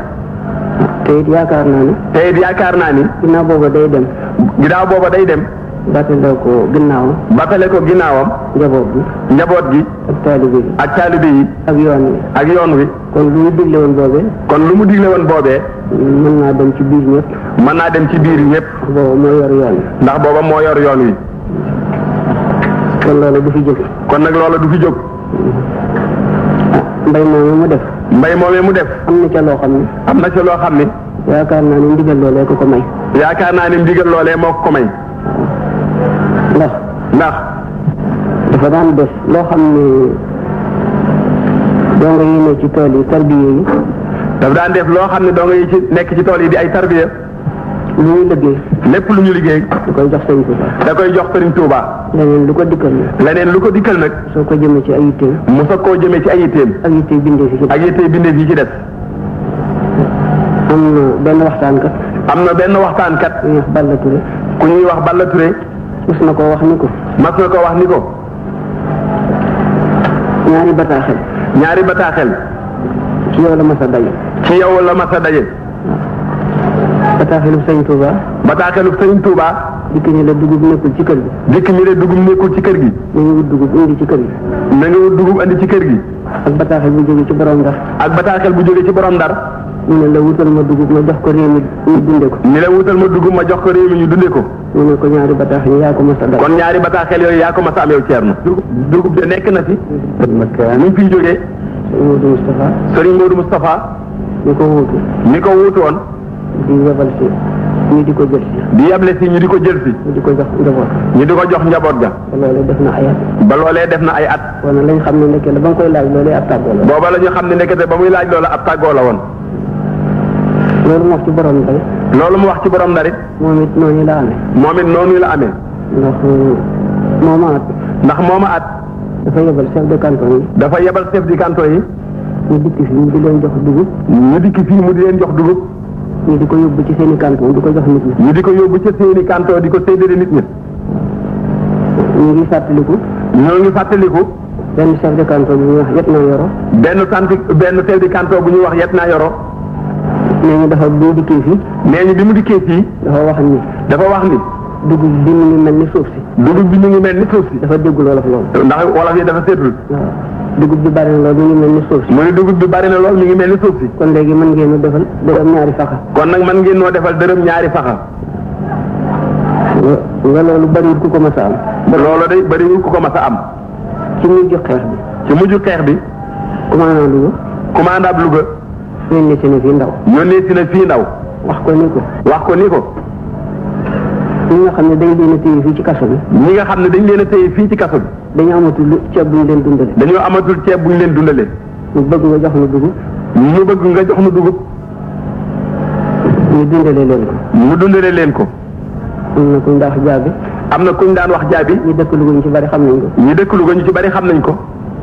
te yaakaar naa ni. te yaakaar naa ni. ginnaaw booba day dem. ginnaaw booba day dem. batale ko ginnaawam. batale ko ginnaawam. njaboot gi. njaboot gi. ak taalibe yi. ak yoon wi. ak yoon wi. kon lu mu digle woon boobee. kon lu mu digle woon boobee. mën naa dem ci biir ñëpp. mën naa dem ci biir ñëpp. booba moo yor yoon wi. ndax booba moo yor yoon wi. kon loolu du fi jóg. kon nag loolu du fi jóg. mbay moomee mu def. mbay moomee mu def. am na ca loo xam ne. am na ca loo xam ne. yaakaar naa ne ndigal loolee ko ko may. yaakaar naa ne ndigal loo moo ko ndax ndax dafa daan def loo xam ne donga yi ne ci tool yi tarbiye yi dafa daan def loo xam ne donga yi ci nekk ci tool yi di ay tarbiye lu ñuy liggéey lépp lu ñu liggéey da koy jox sëriñ Touba da koy jox sëriñ Touba leneen lu ko dikkal nag leneen lu ko dikkal nag soo ko jëmee ci ay mu soo koo jëmee ci ay yitteem ak yittee bindeef ci ak yittee bindeef yi ci def am na benn waxtaan kat am na benn waxtaan ku ñuy wax Balla mas na ko wax ni ko. mas na koo wax ni ko. ñaari bataaxel. ñaari bataaxel. ci yow la mas a daje. ci yow la mas a daje. bataaxelub sëñ Touba. bataaxelub sëñ Touba. dikk ñi la dugub nekkul ci kër gi. dikk ñi la dugub nekkul ci kër gi. na nga wut dugub indi ci kër gi. na nga wut dugub indi ci kër gi. ak bataaxel bu jógee ci borom ndar. ak bataaxel bu jógee ci borom ndar. mu ne la wutal ma dugub ma jox ko réew mi ñu dunde ko ni la wutal ma dugub ma jox ko réew mi ñu dunde ko mu ne ko ñaari bataaxel yaa ko mas a dal kon ñaari bataaxel yooyu yaa ko mas a am yow Thierno dugub de nekk na fi mu fi jógee Sëriñ Modou Moustapha Sëriñ Modou Moustapha ni ko wuutu ni ko wuutu woon di yebal di ko jël si di yeble si ñu di ko jël si di ko jox njaboot ñu di ko jox njaboot ga ba loolee def na ay at ba loolee def na ay at wala lañ xam ne ndekete ba koy laaj loolee ab tàggoo booba la xam ne ndekete ba muy laaj loola ab tàggoo la woon loolu mu wax ci borom ndar mu wax ci borom ndar it. moom it noonu la amee. moom it noonu la amee. ndax euh, mooma at. ndax mooma at. dafa yebal chef de canton yi. dafa yebal chef de canton yi. ñu dikk fii mu di leen jox dugub. ñu dikk fii mu di leen jox dugub. ñu di ko yóbbu ci seen i canton di ko jox nit ñi. ñu di ko yóbbu ci seen i canton di ko séddale nit ñi. ñu ngi fàttaliku. ñoo ngi fàttaliku. benn chef de canton bu ñuy wax yet naa yoro. benn sant benn chef de canton bu ñuy wax yet naa yoro. nee ñu dafa bi mu dikkee fii. nee ñu bi mu dikkee fii. dafa wax ni. dafa wax ni. dugub bi mu ngi mel ni suuf si. dugub bi mu ngi mel ni suuf si. dafa déggul wolof loolu. ndax wolof yi dafa seetul. dugub bi bari na lool mi ngi mel ni suuf mu lool mi ngi mel ni suuf si. kon léegi mën ngeen a defal dërëm ñaari faxa. kon nag mën ngeen noo defal dërëm ñaari faxa. nga loolu bariwul ku ko mas a am. loolu day bariwul ku ko mas a am. ci mujj xeex bi. ci mujj xeex bi. commandant Louga. commandant Louga. yónnee si na fii ndaw. yónnee si na fii ndaw. wax ko ni ko. wax ko ni ko. ñi nga xam ne dañ leen a téye fii ci kaso bi. ñi nga xam ne dañ leen a téye fii ci kaso bi. dañu amatul ceeb bu ñu leen dundalee. dañoo amatul ceeb bu ñu leen dundalee. mu bëgg nga jox nu dugub. mu bëgg nga jox nu dugub. ñu dundalee leen ko. mu dundalee leen ko. am na kuñ daan wax jaabi. am na kuñ daan wax jaabi. ñu dëkk Louga ñu ci bari xam nañ ko. ñi dëkk Louga ñu ci bari xam nañ ko.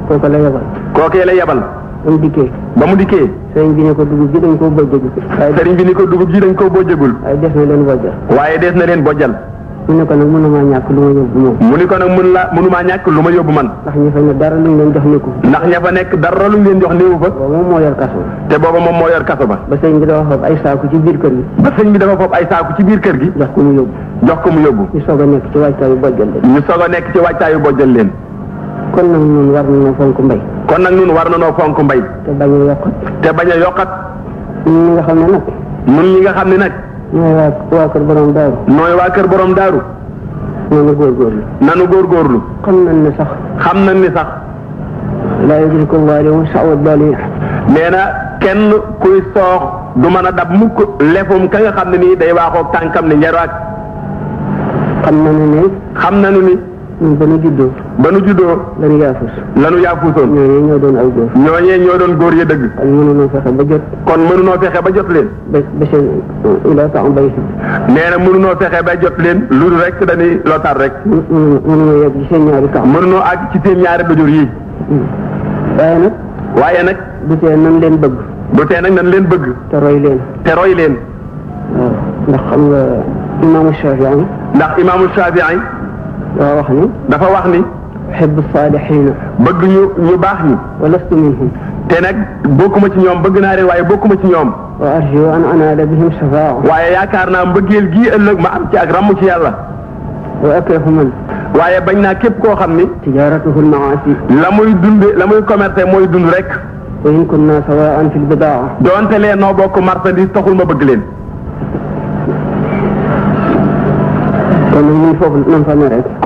kooku la yebal. kooku la yebal. ba mu dikkee. ba mu dikkee. sëriñ bi ne ko dugub ji dañ koo bojjagul. waaye sëriñ bi ne ko dugub ji dañ koo bojjagul. waaye des na leen bojjal. waaye des na leen bojjal. mu ne ko nag mënumaa ñàkk lu ma yóbbu moom. mu ne ko nag mën la mënumaa ñàkk lu ma yóbbu man. ndax ña fa ne dara luñ leen jox nekku. ndax ña fa nekk dara luñ leen jox néewu fa. booba moom moo yor kaso. te booba moom moo yor kaso ba. ba sëñ bi dafa foofu ay saaku ci biir kër gi. ba sëñ bi ay saaku ci biir kër gi. jox ko ko mu yóbbu. ñu soog a nekk ci nekk ci waajtaayu bojjal leen. kon nag ñun war nañoo fonk mbay. kon nag ñun war nañoo fonk mbay. te bañ a yokkat. te bañ a yokkat. ñun ñi nga xam ne nag. ñun ñi nga xam ne nag. nooy waa waa kër borom daaru. nooy waa kër borom daaru. nanu góorgóorlu. nanu góorgóorlu. xam ne sax. xam nañ ne sax. laa yudriku al-ghaalib sa'wa al-baali'. nee na kenn kuy soox du mën a dab mukk lefum ka nga xam ne nii day waaxoog tànkam ne njëriñ. xam nañu ni. xam nañu ni. Mm, ba nu juddoo. ba nu juddoo. la nu yaafus. la nu yaafusoon. ñooñee ñoo doon aw góor. ñooñee ñoo doon góor ya dëgg. kon mënuñoo fexe ba jot. kon mënuñoo fexe ba leen. ba ba seen uh, ila tax bay. nee na mënuñoo fexe ba jot leen. loolu rek dañuy lotaar rek. Mm, mm, mënuñoo yegg ci seen ñaari tax. mënuñoo àgg ci seen ñaari bëjur yi. waaye nag. waaye nag. du tee nan leen bëgg. du tee nag nan leen bëgg. te roy leen. te roy leen. waaw ndax xam nga imaamu Shaafi'i. ndax imaamu Shaafi'i. dafa wax ni. dafa wax ni. uhibbu saalihiin. bëgg ñu ñu baax ñi. wa lastu minhum. te nag bokkuma ci ñoom bëgg naa leen waaye bokkuma ci ñoom. wa arju an anaala bihim shafaa. waaye yaakaar naa mbëggeel gii ëllëg ma am ci ak ràmm ci yàlla. wa akrahu man. waaye bañ naa képp koo xam ni. tijaaratuhu al-maasi. la muy dund la muy commercer mooy dund rek. wa in kunna sawaan fil bidaa. doonte lee noo bokk marchandise taxul ma bëgg leen. kon nag ñun foofu nan fa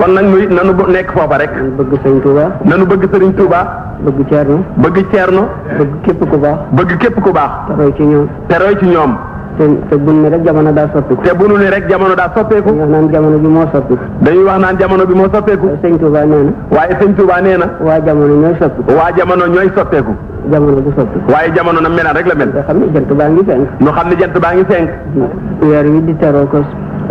kon nag ñu it nanu nekk foofa rek. bëgg sëriñ Touba. nanu bëgg sëriñ Touba. bëgg Thierno. bëgg Thierno. bëgg képp ku baax. bëgg képp ku baax. te roy ci ñoom. te roy ci ñoom. te bu nu ne rek jamono daa soppeeku. te bu nu ne rek jamono daa soppeeku. dañuy wax naan jamono bi moo soppeeku. dañuy wax naan jamono bi moo soppeeku. sëñ Touba nee na. waaye sëñ Touba nee na. waa jamono ñooy soppeeku. waa jamono ñooy soppeeku. jamono du soppeeku. waaye jamono na melaan rek la mel. nga xam ne jant baa ngi fenk. ñu xam ne jant baa ngi fenk. weer wi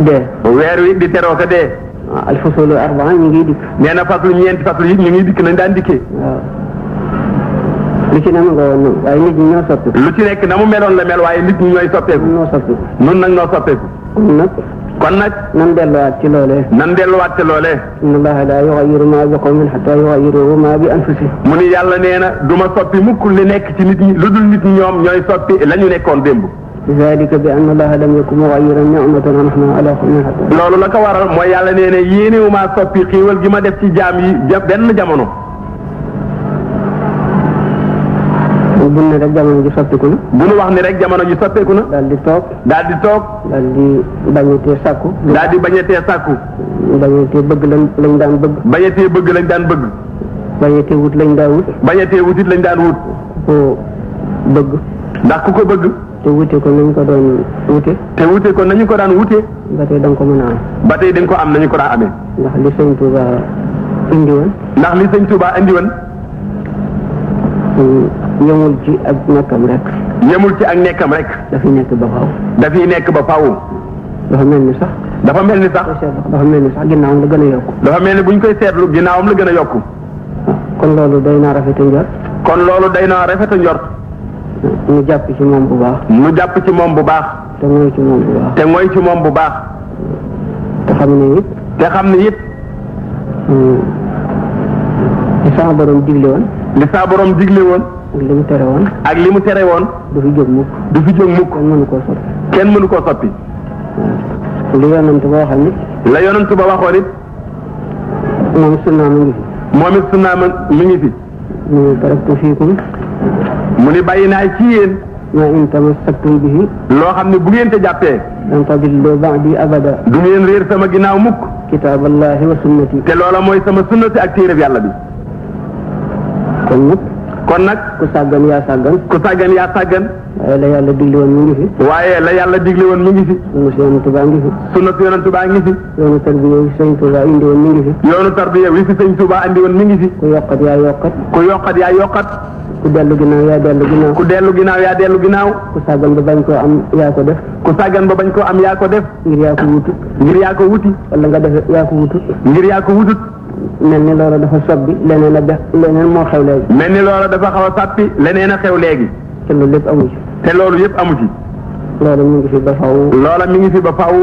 dee bu weer wi di teroo ko dee waaw ah, alfasolu arbaa ñu ngi dikk nee na faslu ñeenti faslu yi ñu ngi dikk nañ daan dikkee waaw lu ci ne ma nga woon noonu waaye nit ñi ñoo soppeeku lu ci nekk na mu meloon la mel waaye nit ñi ñooy soppeeku ñoo soppeeku nun nag ñoo soppeeku kon nag kon nag nan delluwaat ci loolee nan delluwaat ci loolee inna allaha la yughayyiru ma bi qawmin hatta yughayyiru ma bi anfusihim mu ni yàlla nee na du ma soppi mukk li nekk ci nit ñi lu dul nit ñi ñoom ñooy soppi la ñu nekkoon zalika bi anna allaha lam yakun mughayyiran ni'matan an'amha ala qawmin hatta loolu la ko waral mooy yàlla nee ne yéenewu maa soppi xiiwal gi ma def ci jaam yi ja benn jamono. bu soppeeku bu nu wax ni rek jamono ji soppeeku na. daal di toog. daal di toog. daal di bañatee sàkku. daal di bañatee sàkku. bañatee bëgg lañ daan bëgg. bañatee bëgg lañ daan bëgg. bañatee wut lañ daan wut. bañatee wut it lañ daan wut. ko bëgg. ndax ku ko bëgg. te wute ko nañu ko doon wute. te wute ko nañu ko daan wute. ba tey da ko mën a am. ba tey da ko am nañu ko daan amee. ndax li sëñ Touba indi woon. ndax li sëñ Touba indi woon. ci ak nekkam rek. yemul ci ak nekkam rek. dafiy nekk ba faaw. dafiy nekk ba faaw. dafa mel ni sax. dafa mel ni sax. dafa mel ni sax ginnaawam la gën a yokku. dafa mel ni bu ñu koy seetlu ginnaawam la gën a yokku. kon loolu day naa rafet a njort. kon loolu day naa rafet a njort. mu jàpp ci moom bu baax. mu jàpp ci moom bu baax. te mooy ci moom bu baax. te mooy ci moom bu baax. te xam ne it. te xam ne it. Hmm. li saa borom digle woon. li saa borom digle woon. ak li mu tere woon. ak li mu tere woon. du fi jóg mukk. du fi jóg mukk. kenn mënu koo soppi. kenn mënu koo soppi. Hmm. li yonent ba waxoon it. la yonent ba waxoon it. moom sunna mi ngi fi. moom it sunna mi ngi fi. ñu ngi baraktu fiikum. mu ni bàyyi naa ci yéen. ma in tamassaktum bihi. loo xam ne bu ngeen te jàppee. lan tadillu ba'di abada. du ngeen réer sama ginnaaw mukk. kitaaballahi wa sunnati. te loola mooy sama sunnati ak téereb yàlla bi. kon nag. kon nag ku sàggan yaa sàggan ku sàggan yaa sàggan waaye la yàlla digle woon mu ngi fi waaye la yàlla digle woon mu ngi fi sunu si yonent baa ngi fi sunu si yonent baa ngi fi yoonu tarbiya wi sëñ Tuubaa indi woon mu ngi fi yoonu tarbiya wi fi sëñ Tuubaa indi woon mu ngi fi ku yokkat yaa yokkat ku yokkat yaa yokkat ku dellu ginnaaw yaa dellu ginnaaw ku dellu ginnaaw yaa dellu ginnaaw ku sàggan ba bañ koo am yaa ko def ku sàggan ba bañ koo am yaa ko def ngir yaa ko wutu ngir yaa ko wuti wala nga def yaa ko wutut ngir yaa ko wutut mel ni loola dafa sobbi leneen a def leneen moo xew léegi. mel ni loola dafa xaw a sàppi leneen a xew léegi. te loolu lépp amu ci. te loolu yëpp amu ci. loola mi ngi fi ba faw loola mi ngi fi ba faw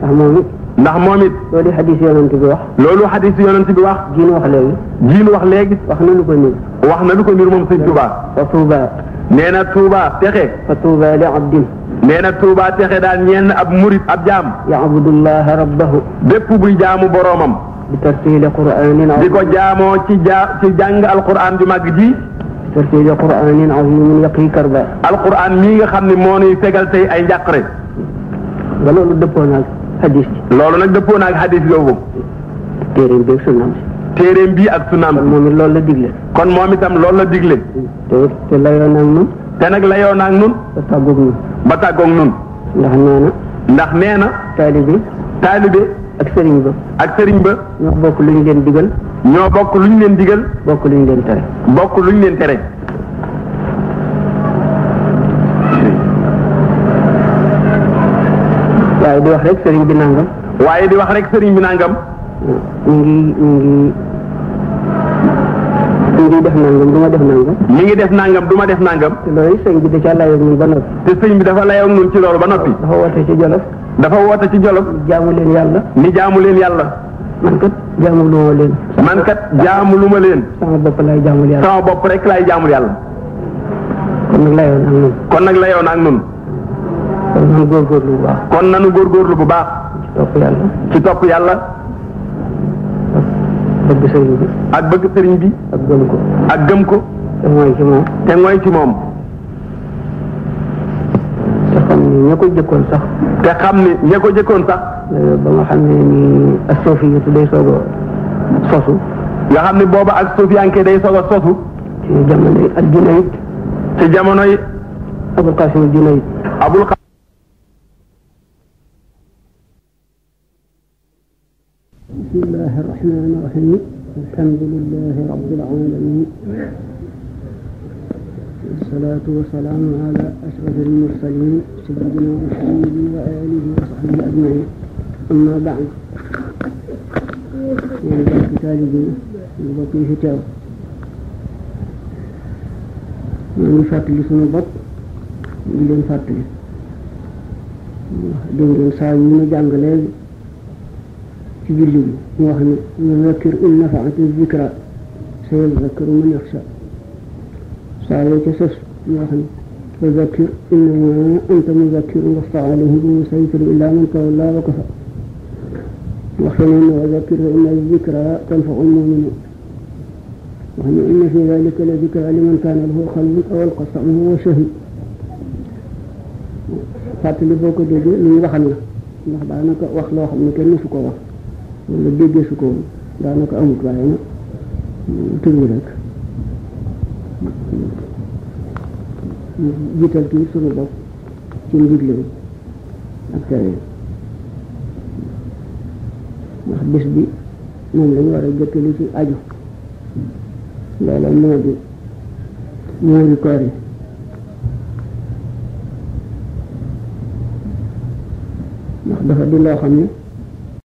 ndax moom it. ndax moom it. loolu xadis yonent bi wax. loolu xadis yonent bi wax. jiin wax léegi. jiin wax léegi. wax na lu ko niir. wax na lu ko niir moom sëñ Touba. fa Touba. nee na Touba texe. fa Touba li abdin. nee na Touba texe daal ñenn ab murit ab jaam. yaabudullaha rabbahu. bépp buy jaamu boroomam. bi tartiili quraanin di ko jaamoo ci ja ci jàng alquran ju màgg ji. bi tartiili quraanin aziimin yaqi karba. mii nga xam ne moo nuy fegal tey ay njàqare. ba loolu dëppoo naag hadis. loolu nag dëppoo naag hadis boobu. téereem bi ak sunnaam. téereem bi ak su kon moom it loolu la digle. kon moom itam loolu la digle. te te layoon ak nun. te nag layoon ak nun. ba tàggoog nun. ba ndax nee na. ndax nee taalibi. taalibe ak sëriñ ba ak sëriñ ba ñoo bokk lu ñu leen digal ñoo bokk lu ñu leen digal bokk lu ñu leen tere bokk lu ñu leen tere waaye di wax rek sëriñ bi nangam waaye di wax rek sëriñ bi nangam mi ngi mi ngi mi ngi def nangam du def nangam mi ngi def nangam du ma def nangam te loolu sëñ bi da ca layoog ñun ba noppi te sëñ bi dafa layoog ñun ci loolu ba noppi dafa woote ci Jolof dafa woote ci jolof jaamu leen yàlla ni jaamu leen yàlla man kat jaamu lu ma leen man kat jaamu lu yàlla sama bopp rek laay jaamul yàlla kon nag layoon ak nun kon nag layoon ak nun kon nanu góorgóorlu bu baax kon nanu góorgóorlu bu baax ci topp yàlla ci topp yàlla bëgg sëriñ bi ak gëm ko ak gëm ko te mooy ci moom te mooy ci moom te xam ne ña ko jëkkoon sax. te xam ne ña ko jëkkoon sax. Euh, ba nga xam ne nii ak soofiyatu day soog a sosu. nga xam ne booba ak soofiyanke day soog a sosu. ci jamono yi ak junne it. ci jamono yi. abul qasim junne it. abul qasim. bismillahi rahmani rahim alhamdulillahi rabbil alamin والصلاة والسلام على أشرف المرسلين سيدنا محمد وآله وصحبه أجمعين أما بعد من الكتاب bi fi teew ñu ngi fàttali suñu bopp ñu leen fàttali dégg ngeen saa yu ñu jàng léegi ci julli bi mu wax ni ñu zakkir in nafaati zikra sayazakkaru man yaxsha saalo ca sos yoo xam ne wa zakkir innama anta muzakkirun lasta alayhim bi musaytir illaa man tawalla wa kafa wax ne wa zakkir fa inna zikra tanfau lmuminin wax ne inna fi dalika la zikra liman kaana lahu qalbun aw alqa sam'ahu wa shahid fàttali boo ko déggee lu ñu waxal la ndax daanaka wax loo xam ne kenn su ko wax wala déggee su ko daanaka amut waaye na tur rek ñu jiital kii sunu bopp ci ndigle ak tere ndax bés bi moom lañu war a jëkk li ci aju loola moo di muuri koor yi ndax dafa di loo xam ne